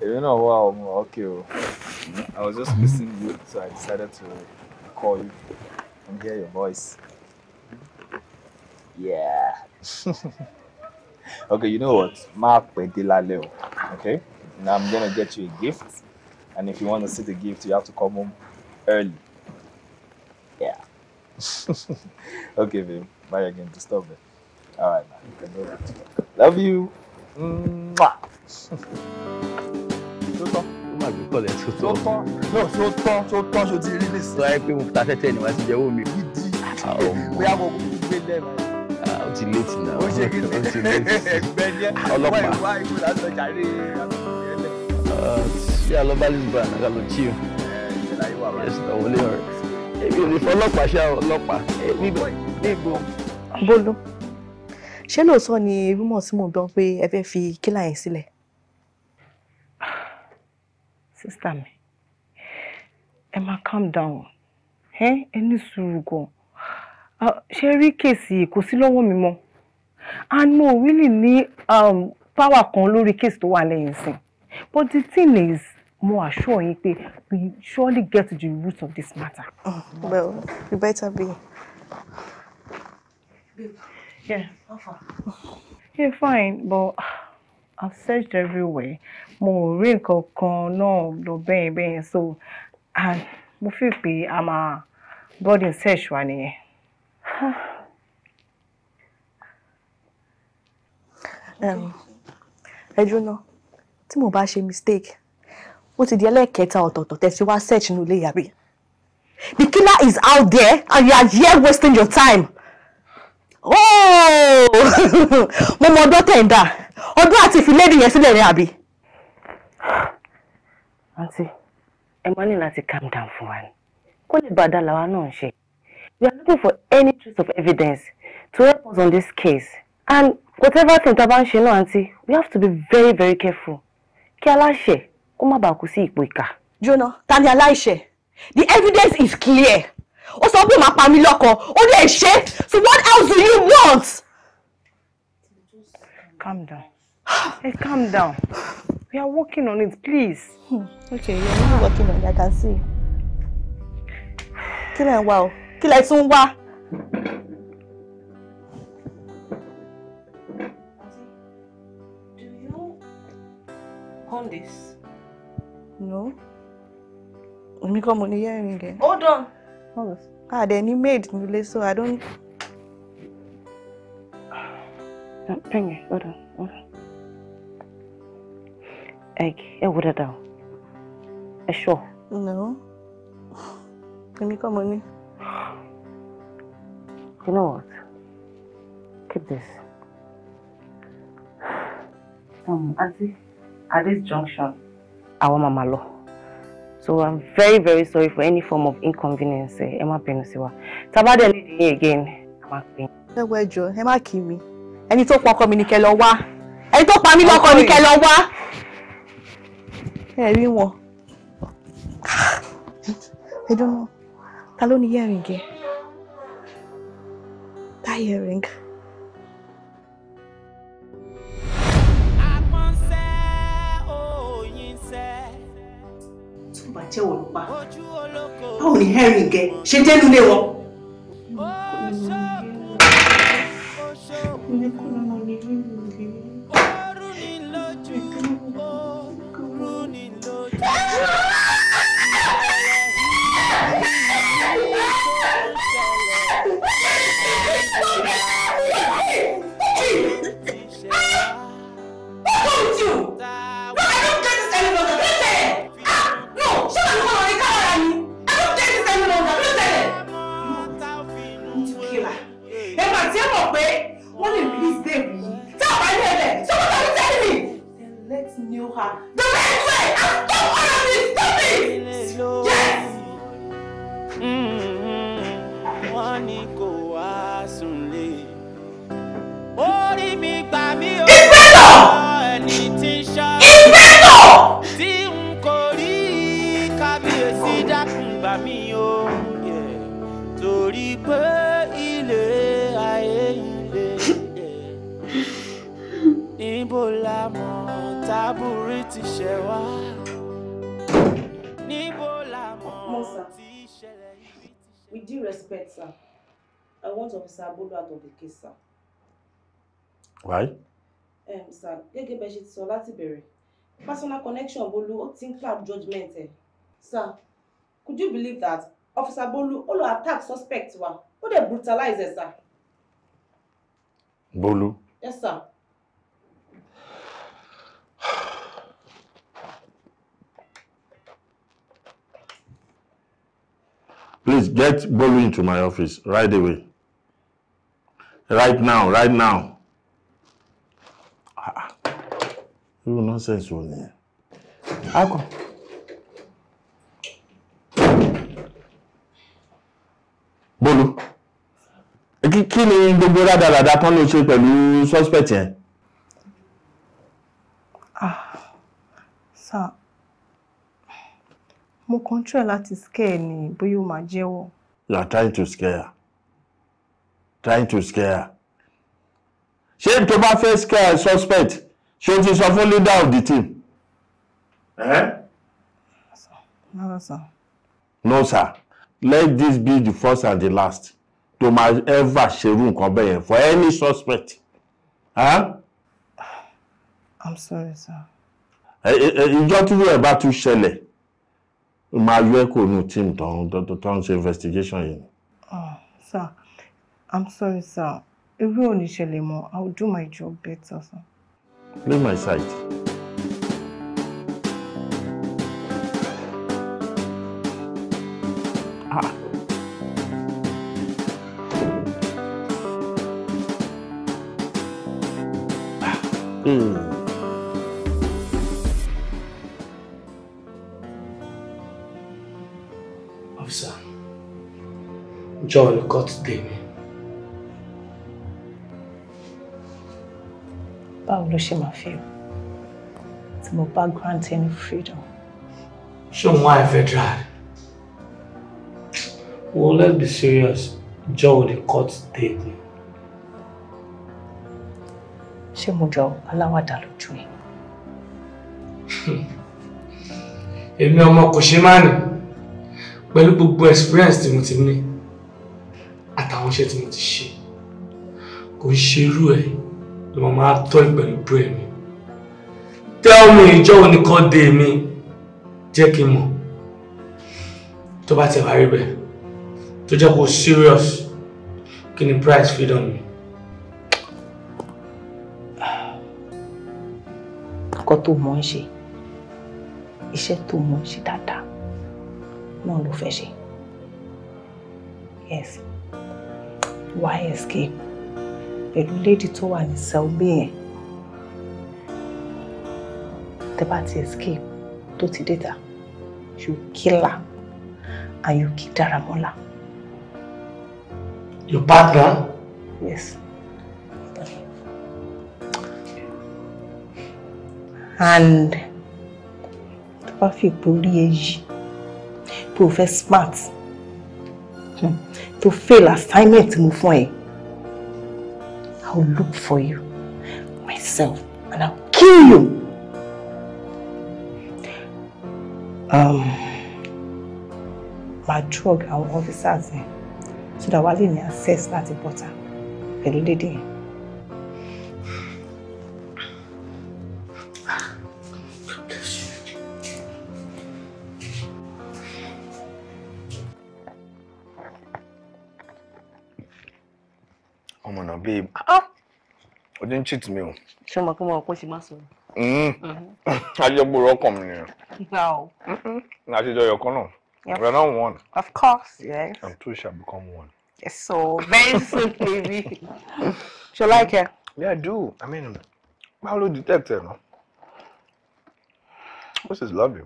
you know what? wà ọmọ Okay, I was just missing you so I decided to call you and hear your voice yeah *laughs* okay you know what Mark pẹ́ Leo. okay now I'm gonna get you a gift and if you want to see the gift you have to come home early yeah *laughs* okay babe bye again to stop it all right man you can go back to work. love you. ó mà gbé kọ̀lẹ́ tó tọ́. tó tọ́ tó tọ́ ṣo ti rí nìsín. sọ pé mo ta tẹ́tẹ́ ni wàá ti jẹ́wọ́ mi. gidi ah, bóyá mo kú gbé lẹ́nu. Ah, ó ti léètì náà ó ṣe kí ni ẹgbẹ́ ni ọlọ́pàá ìwà ìwà ìwà ìjàre ṣé alọ́bálẹ̀ bá àná ká lọ jí o. ẹ̀sìn náà wọlé ọ̀rẹ́ èmi ò ní fọ́ ọlọ́pàá ṣá ọlọ́pàá. bolo ṣé lóòótọ́ ni rúmọ̀ tí mò ń gbọ́ pé ẹ fẹ́ fi kílà yẹn sílẹ̀. sísá mi ẹ máa calm down ẹ ẹ ní sùúrù gan ṣé rí kéèsì kò sí lọ́wọ́ mi mọ́ and mo really ní um, power kan lórí kéèsì tó wà lẹ́yìn sí but the thing is mo assure yín pé we surely get to the root of this matter. Oh, well, you better be. Yeah. Okay, Yeah, fine, but I've searched everywhere. More rí nǹkan kan náà lọ bẹ́yìn bẹ́yìn so and mo fi pé a máa boarding search wa nìyẹn. *sighs* Um, ẹ jóná tí mo bá ṣe mistake ó ti di ẹlẹ́ẹ̀kẹta ọ̀tọ̀ọ̀tọ̀ tẹ̀ fi wá search nílé yàrá. The killer is out there and you are here wasting your time. Oh! *laughs* mo mọ ọdún tẹ̀ ń dà ọdún àti ìfilẹ́dì yẹn sílẹ̀ rẹ̀ àbí. àǹtí ẹ máa ní láti calm down fún wa ni kó lè bàdá làwa náà ń ṣe we are looking for any trace of evidence to help us on this case and whatever thing tá bá ń ṣe náà àǹtí we have to be very very careful kí aláṣẹ kó má bàa kú sí ipò ìkà. jóná ta ni the evidence is clear ó sọ pé màá pa mí lọ́kọ ó lè ṣe so what else do you want. calm down hey calm down we are working on it please. okay you are not working on it i can see. kí lẹ̀ ń wá o kí lẹ̀ tún ń wá. On this? No. Let me come on the hearing again. Hold on course. Ah, dẹ̀ ní maid nílé so I don't. hold on, hold on. Egg, ẹ wo dáadáa o. Ẹ ṣọ́. No. Èmi kọ́ mo ní. You know what? Keep this. Um, Auntie, at this junction, I want my lọ so i'm very very sorry for any form of inconvenience eh, Emma má bínú sí wa tábà dẹ̀ ní ìdíyìn again Emma máa pè é. ẹ wọ ẹjọ ẹ má kí mi to tó pa ọkọ mi ni kẹ́ lọ wá ẹni tó pa know. lọ́kọ ni kẹ́ lọ wá ẹ rí wọn ẹ *sighs* ta ló tẹ wọn pa báwo ni henry gẹ ṣe jẹ́ nílé wọn. ní kọ́nà ní rírì. Why? Um, eh, sir, gẹ́gẹ́ bẹ́ẹ̀ ṣe ti sọ láti personal connection Bolu ó ti club judgment, judgement Sir, could you believe that Officer Bolu ó lọ attack suspect wa, ó dẹ̀ brutalize ẹ̀ sir. Bolu? Yes sir. Please get Bolu into my office right away. Right now, right now. irú nọ́sẹ̀sì ò nìyẹn. akọ. bólú kí ni gbogbo rádaràda tán ló ṣe pẹ̀lú suspect yẹn. ah sir mo kàn try láti scare ni bóyá ó máa jẹ́wọ́. you are trying to scare her trying to scare her ṣé tó bá fẹ́ scare suspect ṣé o ti sọ fún leader of the team. Eh? No, sir. No, sir. Let this be the first and the last to ma ever ṣerú nǹkan bẹ́ẹ̀ for any suspect. Huh? I'm sorry, sir. Ìjọ́ tí wíwẹ̀ bá tún ṣẹlẹ̀, máa yọ ẹ́ kò nù team tó ń ṣe investigation yìí. Oh, sir, I'm sorry, sir. Irú ò ní ṣẹlẹ̀ mọ́, I will do my job better, sir. Leave my site. Ah. ah. Mm. Officer, Joel got Damien. báwo ló ṣe máa feel tí mo bá grant any freedom. ṣé òun wáyé fẹ́ dry? well let's be serious jọ ò lè cut date ni. ṣé mo jọ aláwàdà lójú ẹ. *laughs* èmi ọmọ kò ṣe máa nì pẹ̀lú gbogbo experience tí mo ti ní àtàwọn iṣẹ́ tí mo ti ṣe kò ń ṣerú ẹ̀ ló máa máa tọ́yìn pẹ̀lú brain mi tell me ìjọ wo ni kọ́ dé mi jẹ́ kí n mọ̀ tó bá ti wá rí bẹ́ẹ̀ tó jẹ́ kó serious kí ni price freedom mi. nǹkan tó mọ̀ ń ṣe iṣẹ́ tó mọ̀ ń ṣe dáadáa náà ló fẹ́ ṣe yes why escape pẹ̀lú lady tó wà ní selby yẹn tẹ́ bá ti escape tó ti data you kill her and you kill Daramola. Your partner? Yes. And tó bá fi pé orí èyí pé o fẹ́ smart hmm, tó fail assignment mo fún ẹ I'll look for you myself and I'll kill you. Um, my drug Our officers yẹn eh, so that wà lè ní that láti bọ́ta pẹ̀lú lédè o ti ń cheat mi o. ṣé mo kí mo kó sì má sọ̀rọ̀. ajẹgbòrò ọkàn mi nìyẹn. no. Mm-hmm. àtijọ́ ìyọ̀kan náà. Yep. We're not one. Of course, yes. And two shall become one. Yes, so very soon, maybe. Do you like her? Yeah, I do. I mean, how do detect her? No? This is lovely.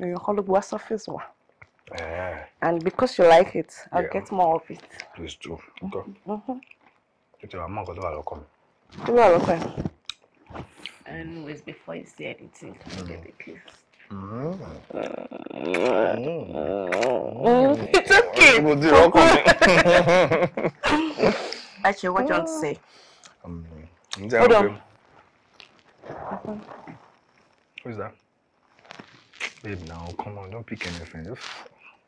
You call it what's office one. Yeah. And because you like it, I'll yeah. get more of it. Please do. Mm-hmm. Okay. Mm-hmm. Mm-hmm. Give me a And always before you see anything, mm. get the kiss. It's okay. We'll do it. Actually, what do you want to say? Um, Hold on. Who is that? Babe, now come on, don't pick anything. Just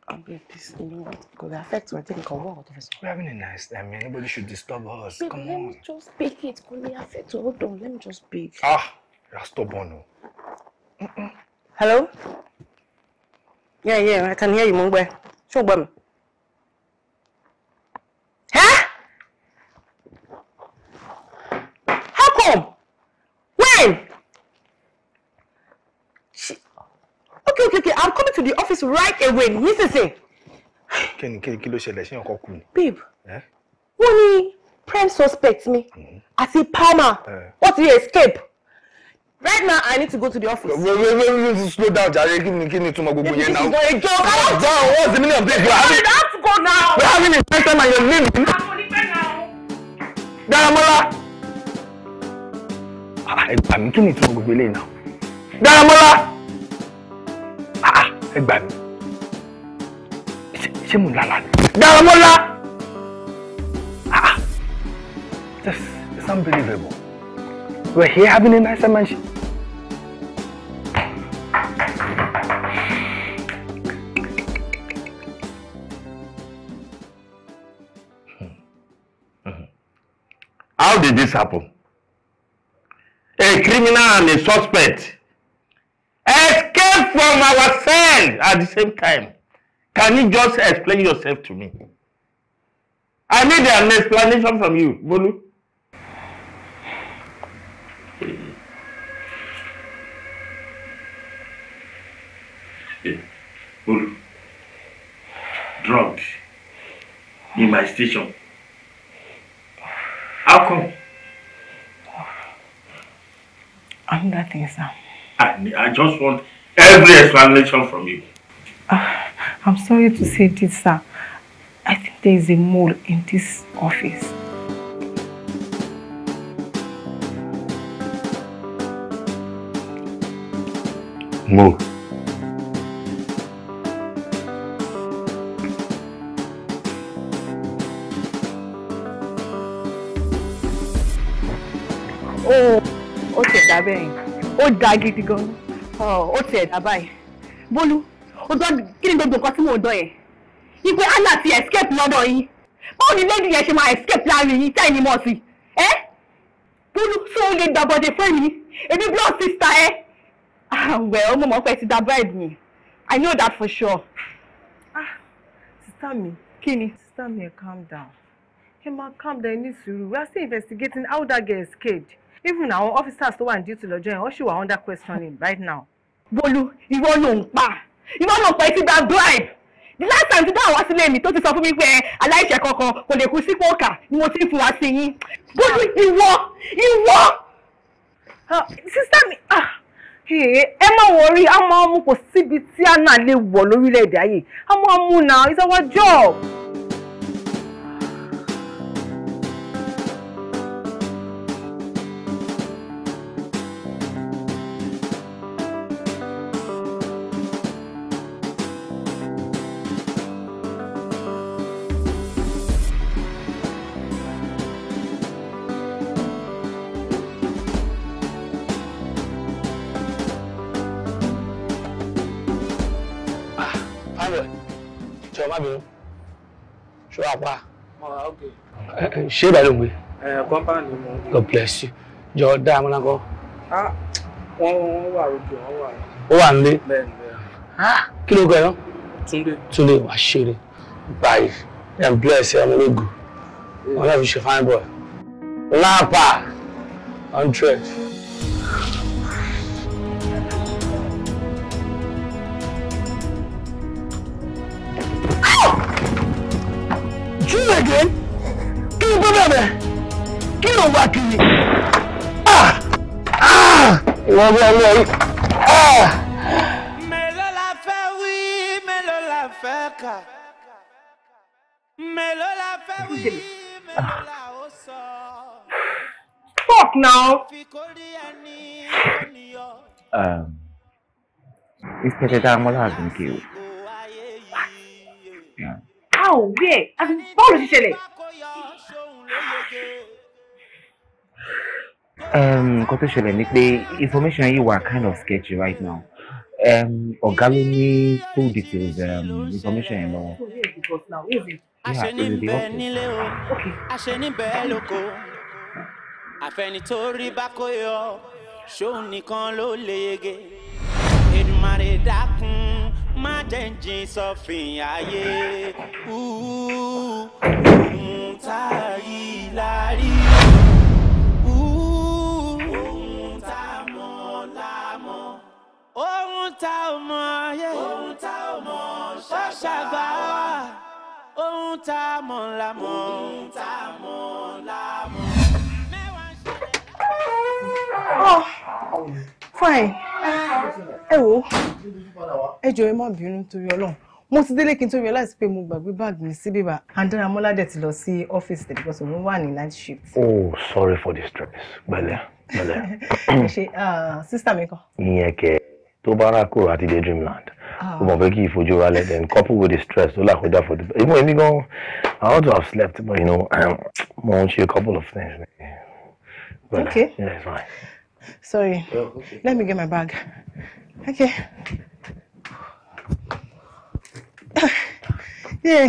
I beg this, you know, could affect my thing. Come on, We're having a nice time. Man. Nobody should disturb us. Baby, Come let on. Let me just speak it. Could it affect? Hold on, let me just speak. Ah, you're stubborn. Mm -mm. Hello? Yeah, yeah, I can hear you, Mungwe. Show them. Huh? How come? When? okay okay okay i'm coming to the office right away nísinsìn. kí ni kí ni kí ló ṣẹlẹ̀ sí ọkọ kù babe wọ́n ní prime suspect mi mm-hmm. àti palmer wọ́n he escape right now i need to go to the office. wait wait wait wait slow down jare kí ni kí ni túmọ̀ gbogbo yẹn now. this is not a joke. calm down what's the meaning of this. you have to go now. we have an inspection and your name. i'm on the bed now. Daramola ah, àmì kí ni ìtumọ̀ gbogbo eléyìí náà Dáramọ́lá ẹ gbà mí ṣé mo lálàá ni. Dàrọ́mọ́lá ah, ah. this is unbelievable We're here having a nice lunch. How did this happen? A criminal and a suspect. Ex from our sins at the same time. Can you just explain yourself to me? I need an explanation from you, Bolu. Hey, Bolu, drunk in my station. How come? I'm nothing, sir. I, I just want every explanation from you. Uh, I'm sorry to say this, sir. I think there is a mole in this office. Mole. Oh, okay, ṣẹ̀dá bẹ́ẹ̀ ó da gidi gan ó ti ẹ̀dá báyìí bólú ó dán kí ni gbogbo nǹkan tí mò ń dán yẹn anna ti escape lọ́dọ̀ yín báwo ni lady yẹn ṣe máa escape láàrin yín tẹ́ ẹ̀ ní mọ̀ sí ẹ́ bólú tó o lè gbàbọ̀dé fún mi èmi blood sister ẹ ah, wẹ̀ ọmọ mọ̀ pé ti da bride mi I know that for sure. ah sista mi Kini, ni. sista mi calm down ẹ máa calm down ní sùúrù we are still investigating how that girl escaped even our officers tó wà ní duty lọ́jọ́ yẹn wọ́n ṣì wà under questioning right now. Bolu ìwọ ló ń pa ìwọ ló ń pa etí gba bribe the last time tí dáhùn wá sílé mi tó ti sọ fún mi pé aláìṣẹ̀ kankan kò lè kú sípò ọkà ni mo ti ń fún wa sí yín Bolu ìwọ ìwọ. Ah, sísá mi ah, eh, ẹ má wọrí a máa mú kò síbi tí a náà lè wọ̀ lórílẹ̀‐èdè ayé a máa mú náà it's our job. ṣé ìbá ló ń gbé. compound ni mo ń gbé. God bless you jọ dá amúná kọ. wọ́n wà lójú wọ́n wà. ó wà nílé. bẹ́ẹ̀ni bẹ́ẹ̀ni. kí ló kọ ẹ náà. Túndé. Túndé wà ṣeré báyìí dem bless ẹ ọmọ ológun ọlọ́run ṣe fine boy lápá hundred. tó wá kiri. ìwọ bí ọmọ yìí. mélòó la fẹ́ wí mélòó la fẹ́ kà mélòó la fẹ́ wí mélòó la ó sọ. Fuck now. Um, Inspector Damola has been killed. Yeah. How? Where? I mean, báwo ti ṣẹlẹ̀? Um, tó ṣẹlẹ̀ ni pé information yìí wà kind of sketchy right now ọ̀gá um, ló ní full details um, information yẹn lọ́wọ́. àṣenibẹ̀ nílé o àṣenibẹ̀ lóko àfẹnitórí bá kó yọ ṣóun nìkan ló lè yege Èdùmàrè dákun má jẹ́ sọ́fìn ayé ohun tá a rí tá ò mọ̀ ayé ohun tá ò mọ̀ ṣàgbà wá ohun tá a mọ̀ la mọ̀ ohun tá a mọ̀ la mọ̀. Oh, fine. Ẹ wo, ẹ jọ̀ọ́ ẹ má bínú torí Ọlọ́run mo ti délé kí n tó realize pé mo gbàgbé báàgì mi sí bíbá andara mọ́ládẹ̀ ti lọ sí ọ́fíìsì tẹ̀ because òun wà ní night shift. oh sorry for the stress pẹ̀lẹ́ pẹ̀lẹ́. *laughs* ṣe ah, sísá mi kan. ìyẹn kẹ tó bá rà kúrò àti dé dreamland ah. ó mọ̀ pé kí ìfojú ra lẹ̀ then couple with the stress ó làkọjá for the even èmi gan i want to have slept but you know um, mo ń ṣe a couple of things. okay yeah, fine. sorry oh, okay. let me get my bag okay. *laughs* yeah i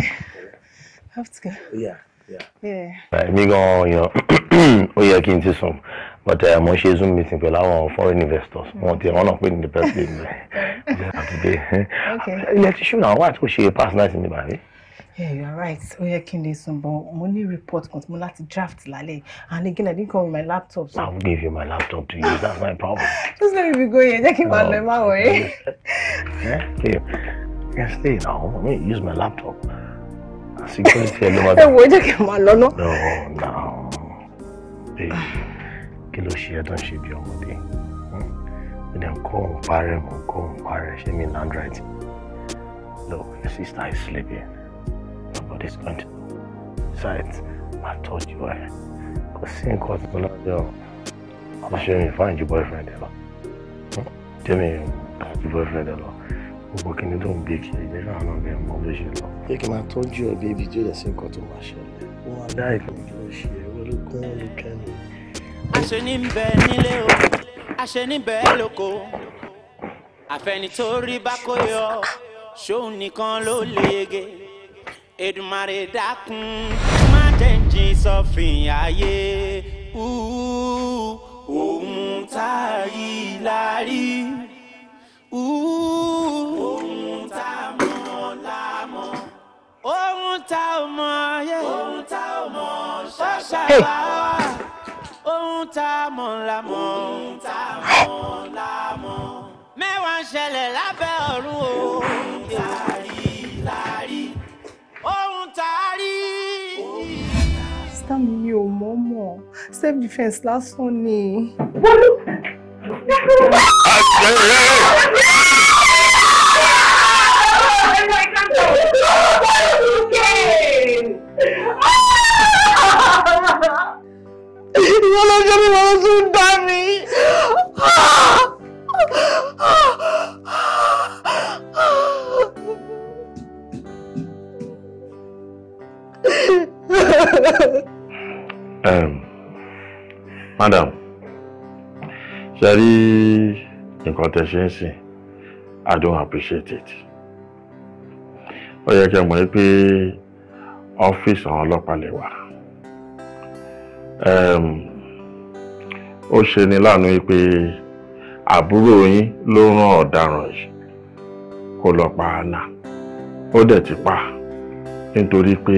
have to go. yeah yeah. yeah. èmi gan *clears throat* ó yẹ kí n ti some but uh, mo ṣe zoom meeting pẹ̀lú àwọn foreign investors mm. wọn ti wọn náà pè ní the best day mi àtúndé ilẹ̀ ti ṣú náà wà tí kò ṣe pass night mi bàbí. Yeah, you are right. Oh yeah, kí n lè but money ní report kan tí mo láti draft lálẹ́. And again, I didn't come with my laptop. So. I will give you my laptop to you. That's my problem. *laughs* Just let me be going. Jẹ́ kí my máa oh, Okay. can eh, stay now. I'm going to use my laptop. Security ẹ̀ ló máa dé. Ẹ wo jẹ́ kí n máa lọ No, no. Hey kí ló ṣe ẹ ṣe bí ọmọdé hmm? ó dẹ̀ ń kọ́ òun parẹ́ ń parẹ́ ṣé mi landright look your sister is sleeping nobody is going to besides I told you ẹ eh? kò sí nǹkan tó lọ́jọ́ ọmọ ṣe hmm? mi find your boyfriend ẹ lọ jẹ́ mi your boyfriend ẹ lọ gbogbo kìnìún tó ń gbé kiri ìgbésẹ̀ àwọn ọmọ ẹ̀ mọ́ ló ṣe lọ. jẹ́ kí n máa tọ́jú ẹ̀ bí ibi tí ó yẹ sí nǹkan tó máa ṣẹlẹ̀. wọ́n á dá ìlú kí ló ṣe ẹ̀rọ ló gún àṣẹ nílé o àṣẹ lóko àfẹnitórí bá kó yọ ṣóun nìkan ló lè yege dákun má dẹ́njì sọ́fìn ayé ohun tá a rí la rí tá a mọ̀ la mọ̀ tá a mọ̀ yẹ ohun tá a mọ̀ ṣàṣàbà ohun tá a mọ̀ la mọ̀. ohun tá a mọ̀ la mọ̀. mẹ́wàá ń ṣẹlẹ̀ lábẹ́ ọ̀run o. ohun tá a rí la rí. ohun tá a rí. sítá mi mi ò mọ̀ mọ̀ self defence lásán ni. Oh, *laughs* ìwọ́n lọ́jọ́ mi wọ́n tún dá mi. um, madam ṣe rí I don't appreciate it ó yẹ kí ẹ mọ̀ pé ọ́fíìsì àwọn ọlọ́pàá lè wà ó ṣe ni láàánú pé àbúrò yín ló rán ọ̀daràn yìí kó lọ pa Anna ó dẹ̀ ti pa nítorí pé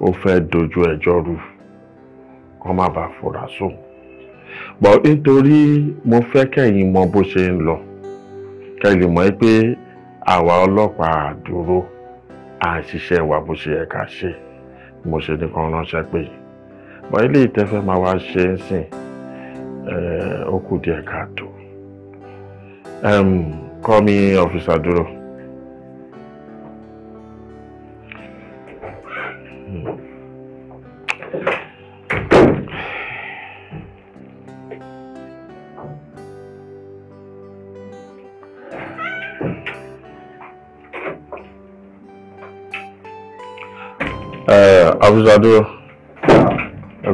ó fẹ́ dojú ẹjọ́ rú kó má bàa fura sóun bọ̀ nítorí mo fẹ́ kẹ́yìn mọ bó ṣe ń lọ kẹ́lì mọ̀ pé àwa ọlọ́pàá dúró à ń ṣiṣẹ́ wa bó ṣe yẹ ká ṣe mo ṣe ní kan ránṣẹ́ pé yìí wọ́n ilé ìtẹ́fẹ́ máa wá ṣe é sìn ó kù díẹ̀ káàtó kọ́ mi ọ̀fíìsà dúró. Ọ̀fíìsà dúró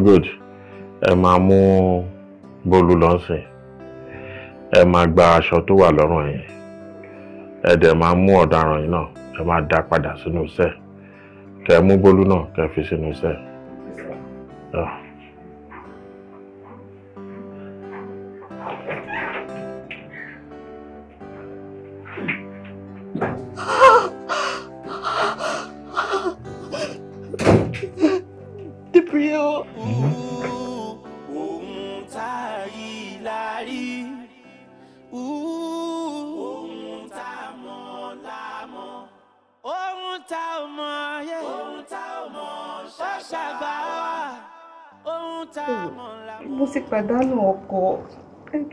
good ẹ máa mú bólú lọ́sìn ẹ máa gba aṣọ tó wà lọ́rùn yẹn ẹ dẹ̀ máa mú ọ̀daràn yìí náà ẹ máa dá padà sínú iṣẹ́ kẹ mú bólú náà kẹ fi sínú iṣẹ́. Yeah.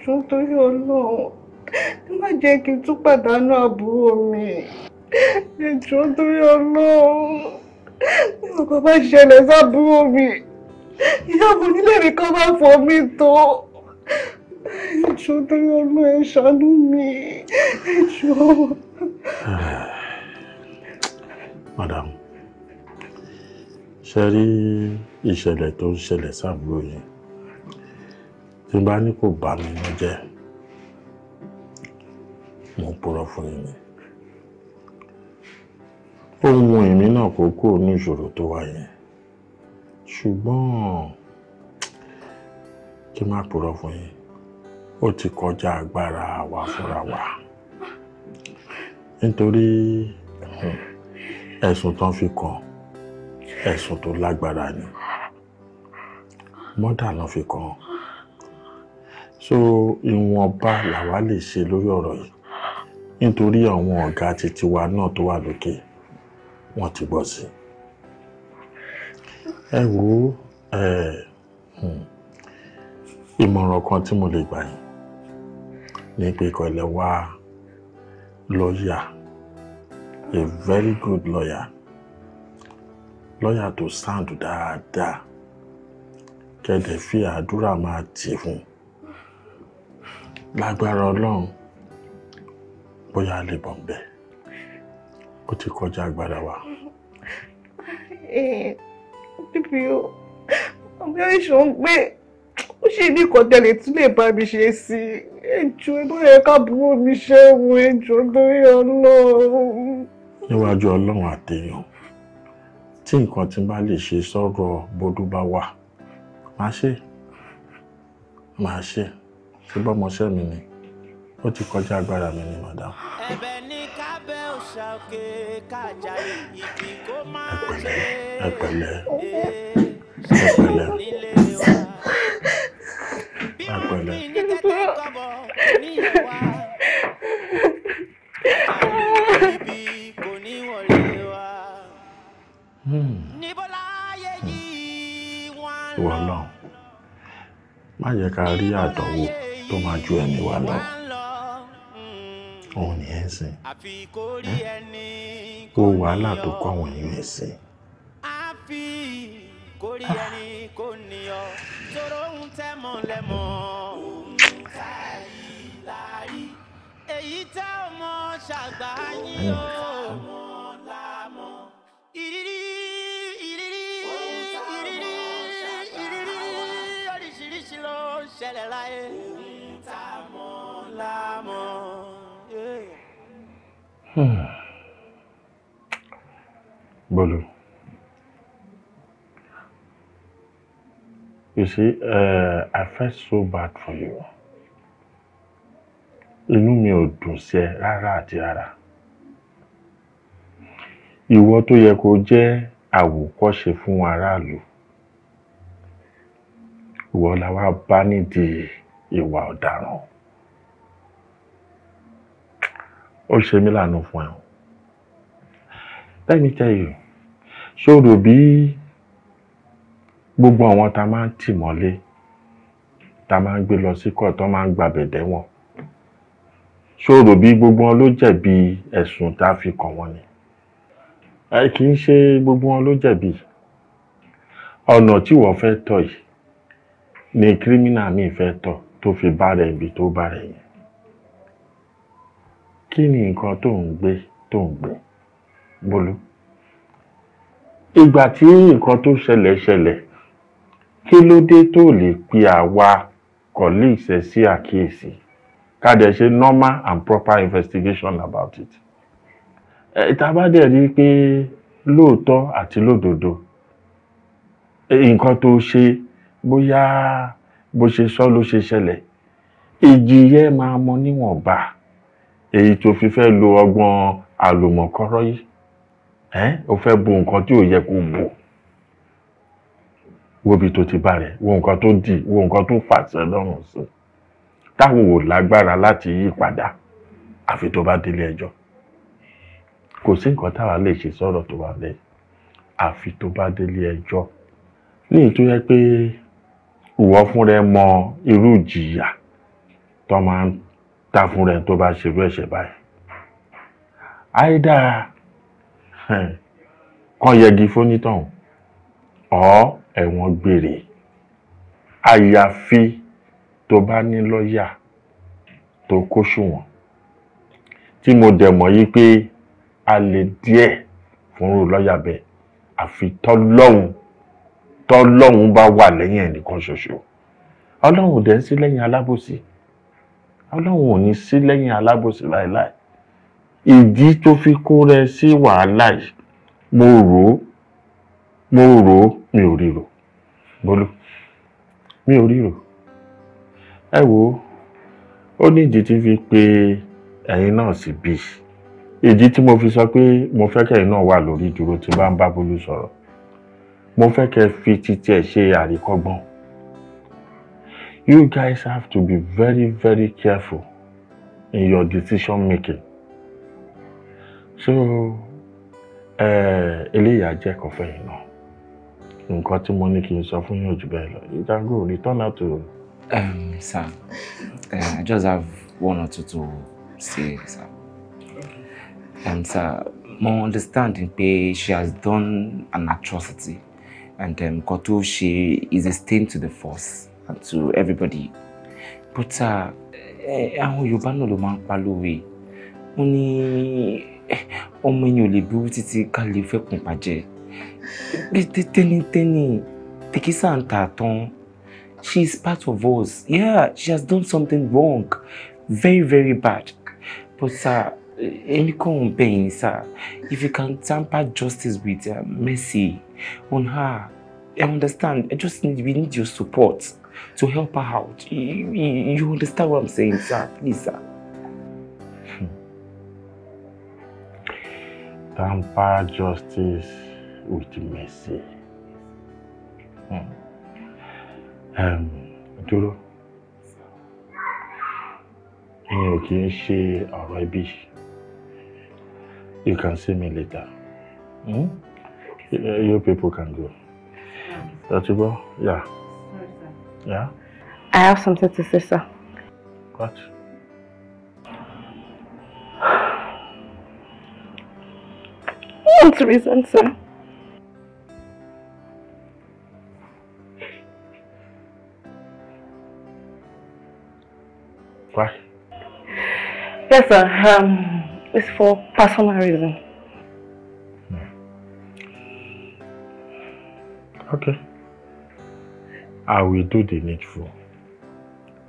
jọ̀ọ́ torí Ọlọ́run ẹ má jẹ́ kí n tún pàdánù àbúrò mi ẹ jọ̀ọ́ torí Ọlọ́run ọkọ̀ bá ṣẹlẹ̀ sábúrò mi ìyá mo nílé mi kan bá fọ mi tó ẹ jọ̀ọ́ torí Ọlọ́run ẹ ṣàánú mi ẹ jọ̀ọ́. madam ṣe rí ìṣẹ̀lẹ̀ tó ń ṣẹlẹ̀ sábúrò yẹn tí n bá ní kò bá mi inú jẹ́ mo purọ́ fún yín ni ó mú èmi náà kó kó inú ìṣòro tó wà yẹn ṣùgbọ́n kí n má purọ́ fún yín ó ti kọjá agbára wa fúnra wa nítorí hmm, ẹ̀sùn tán fi kàn ẹ̀sùn tó lágbára ni mọ́dà náà fi kàn án so ìwọ̀nba làwa lè ṣe lórí ọ̀rọ̀ yìí nítorí àwọn ọ̀gá títí wa náà tó wà lókè wọ́n ti gbọ́ sí ẹ wo hmm, ìmọ̀ràn kan tí mo lè gbà yín ní pé kọlẹ̀ wá lọ́ọ̀yà a very good lawyer lọ́ọ̀yà tó sáǹdù dáadáa kẹ́dẹ̀ fi àdúrà máa tì fún un lágbára ọlọ́run bóyá a lè bọ̀ ńbẹ̀ ó ti kọjá agbára wa. bíbí o ọmọ ìṣó ń gbé ó ṣe ní ìkọ̀tẹ́lẹ̀ tún lè bá mi ṣe sí i ẹjọ́ tó yẹ káàbùrò mi ṣe òun ẹjọ́ lórí ọlọ́run. níwájú ọlọ́run àtẹ̀yàn tí nǹkan tí bá lè ṣe sọ̀rọ̀ bọ́dú bá wà máa ṣe máa ṣe ṣùgbọ́n ọmọọṣẹ́ mi ni ó ti kọjá agbára mi ni madam. ẹ̀bẹ̀ ni kábẹ́ òṣàkè kájà ìbí kó máa ṣe é ẹ̀pẹ̀lẹ́ ẹ̀pẹ̀lẹ́ ẹ̀pẹ̀lẹ́. ìwọ náà má yẹ ká rí àdánwò tó máa ju ẹ̀mí wa lọ mm, òun ni ẹ̀ ń sìn gbogbo wàhálà tó kọ́ àwọn èèyàn ẹ̀ You see, uh, I felt so bad for you. Inú mi ò dùn sí ẹ rárá àti rárá. Ìwọ tó yẹ kó jẹ́ àwòkọ́ṣe fún aráàlú. Ìwọ la wá bá nídìí ìwà ọ̀daràn. Ó ṣe mí láàánú fún ẹ. Let me tell you, ṣòro bíi gbogbo àwọn tá a máa ń tì mọ́lé tá a máa ń gbé lọ sí kọ́ tó máa ń gbàbẹ̀dẹ́ wọn ṣòro bí gbogbo wọn ló jẹ̀bi ẹ̀sùn tá a fi kàn wọ́n ni kì í ṣe gbogbo wọn ló jẹ̀bi ọ̀nà tí wọ́n fẹ́ tọ̀ yìí ni kírímínà míì fẹ́ tọ̀ tó fi bá rẹ̀ ibi tó bá rẹ̀ yẹn kí ni nǹkan tó ń gbé tó ń gbé bolú ìgbà tí nǹkan tó ṣẹlẹ̀ ṣẹlẹ̀ kí ló dé tó lè pe àwa colleagues ẹ sí àkíyèsí ká dẹ̀ ṣe normal and proper investigation about it ìta bá dẹ̀ rí i pé lóòótọ́ àti lódodo nǹkan tó ṣe bóyá bó ṣe sọ ló ṣe ṣẹlẹ̀ ìjìyẹ máa mọ níwọ̀nba èyí tó fi fẹ́ lo ọgbọ́n àlùmọ̀kọ́rọ́ yìí ó fẹ́ bo nǹkan tí ò yẹ kó bò wo ibi tó ti bá rẹ̀ wo nǹkan tó dì wo nǹkan tó fàṣẹ lọ́rùn sí táwọn ò lágbára láti yí padà àfi tó bá délé ẹjọ́ kò sí nǹkan táwa lè ṣe sọ̀rọ̀ tó wà lẹ́yìn àfi tó bá délé ẹjọ́ ní ìtúyẹ pé ìwọ fún rẹ mọ irú ìjìyà tó máa ń ta fún rẹ tó bá ṣerú ẹ̀ṣẹ̀ báyìí àìdáa *laughs* kan yẹgi fónítàn ọ ẹ̀wọ̀n gbére àyàfi tó bá ní lọ́ọ̀yà tó kóṣùwọ̀n tí mo dẹ̀ mọ̀ yí pé a lè díẹ̀ fúnrú lọ́ọ̀yà bẹ́ẹ̀ àfi tọ́lọ́hun tọ́lọ́hun bá wà lẹ́yìn ẹnìkan ṣoṣo ọlọ́run ò dẹ̀ ń sí lẹ́yìn alábòsí ọlọ́run ò ní sí lẹ́yìn alábòsí láéláé ìdí tó fi kó rẹ sí wàhálà yìí mo rò ó mo rò ó mi ò ríro Bólú mi ò ríro ẹ wo ó ní ìdí tí fi pé ẹ̀yin náà sì bí ìdí tí mo fi sọ pé mo fẹ́ kẹ́yin náà wà lórí ìdúró tí bá ń bá Bólú sọ̀rọ̀ mo fẹ́ kẹ́ fi titi ẹ̀ ṣe àríkọ́gbọ́n you guys have to be very very careful in your decision making so eh, eléyà jẹ́ kọfẹ́ yìí náà nǹkan tí mo ní kí n sọ fún yín jù bẹ́ẹ̀ lọ you can go return out um, sir, uh, I just have one or two to say, sir. Um, sir, mo understand pé she has done an atrocity and um, Koto, she is a stain to the force and to everybody. But, sir, eh, eh, àwọn Yorùbá náà ló máa ń pa lówe. Ó ní eh, ọmọ ẹ̀yìn ò lè burú títí ká lè fẹ́kùn pàjẹ́. Tini, Tekisa and Taton, she is part of us. Yeah, she has done something wrong. Very, very bad. But sir, Emiko Mbein, sir, if you can tamper justice with uh, mercy on her, I understand. I just need, we need your support to help her out. You, you, you understand what I'm saying, sir? Please, sir. Hmm. Tamper justice. with mercy. Hmm. Dúró, ìyẹn ò kì í ṣe ọ̀rọ̀ ẹbí. You can see me later. Hmm? Eh, Your people can go. Atibo, yeah. Sorry, sir. Yeah? I have something to say, sir. What? What's reason, sir? Why? Yes, sir. Uh, um, it's for personal reason. Okay. I will do the needful.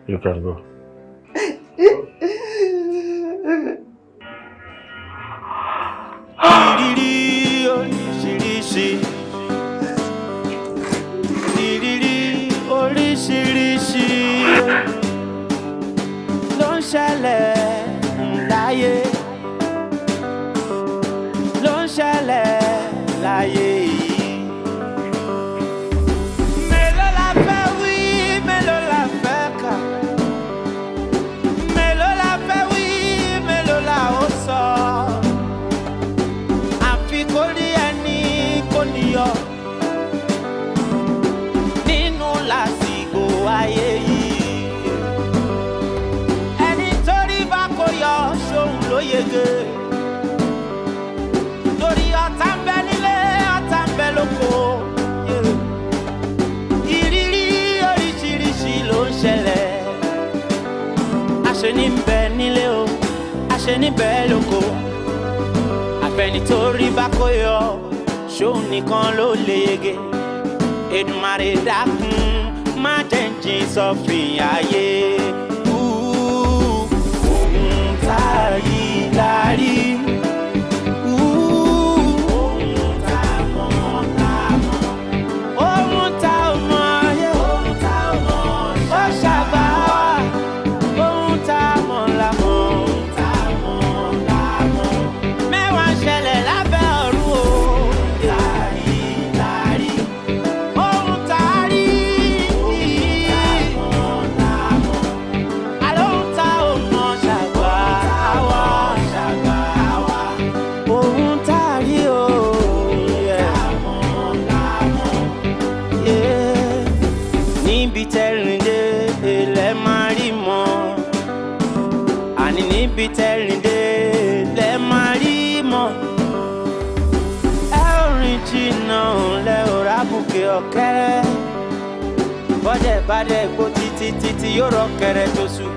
You can go. ṣe níbẹ̀ lóko àfẹni tó rí bá kó yọ ṣóun nìkan ló lè yege Èdùmàrè dákun má jẹ́ jí sọ́fìn ayé òun tá a rí la bá dẹ̀ gbó títí títí yóò rọ kẹrẹ tó sùn.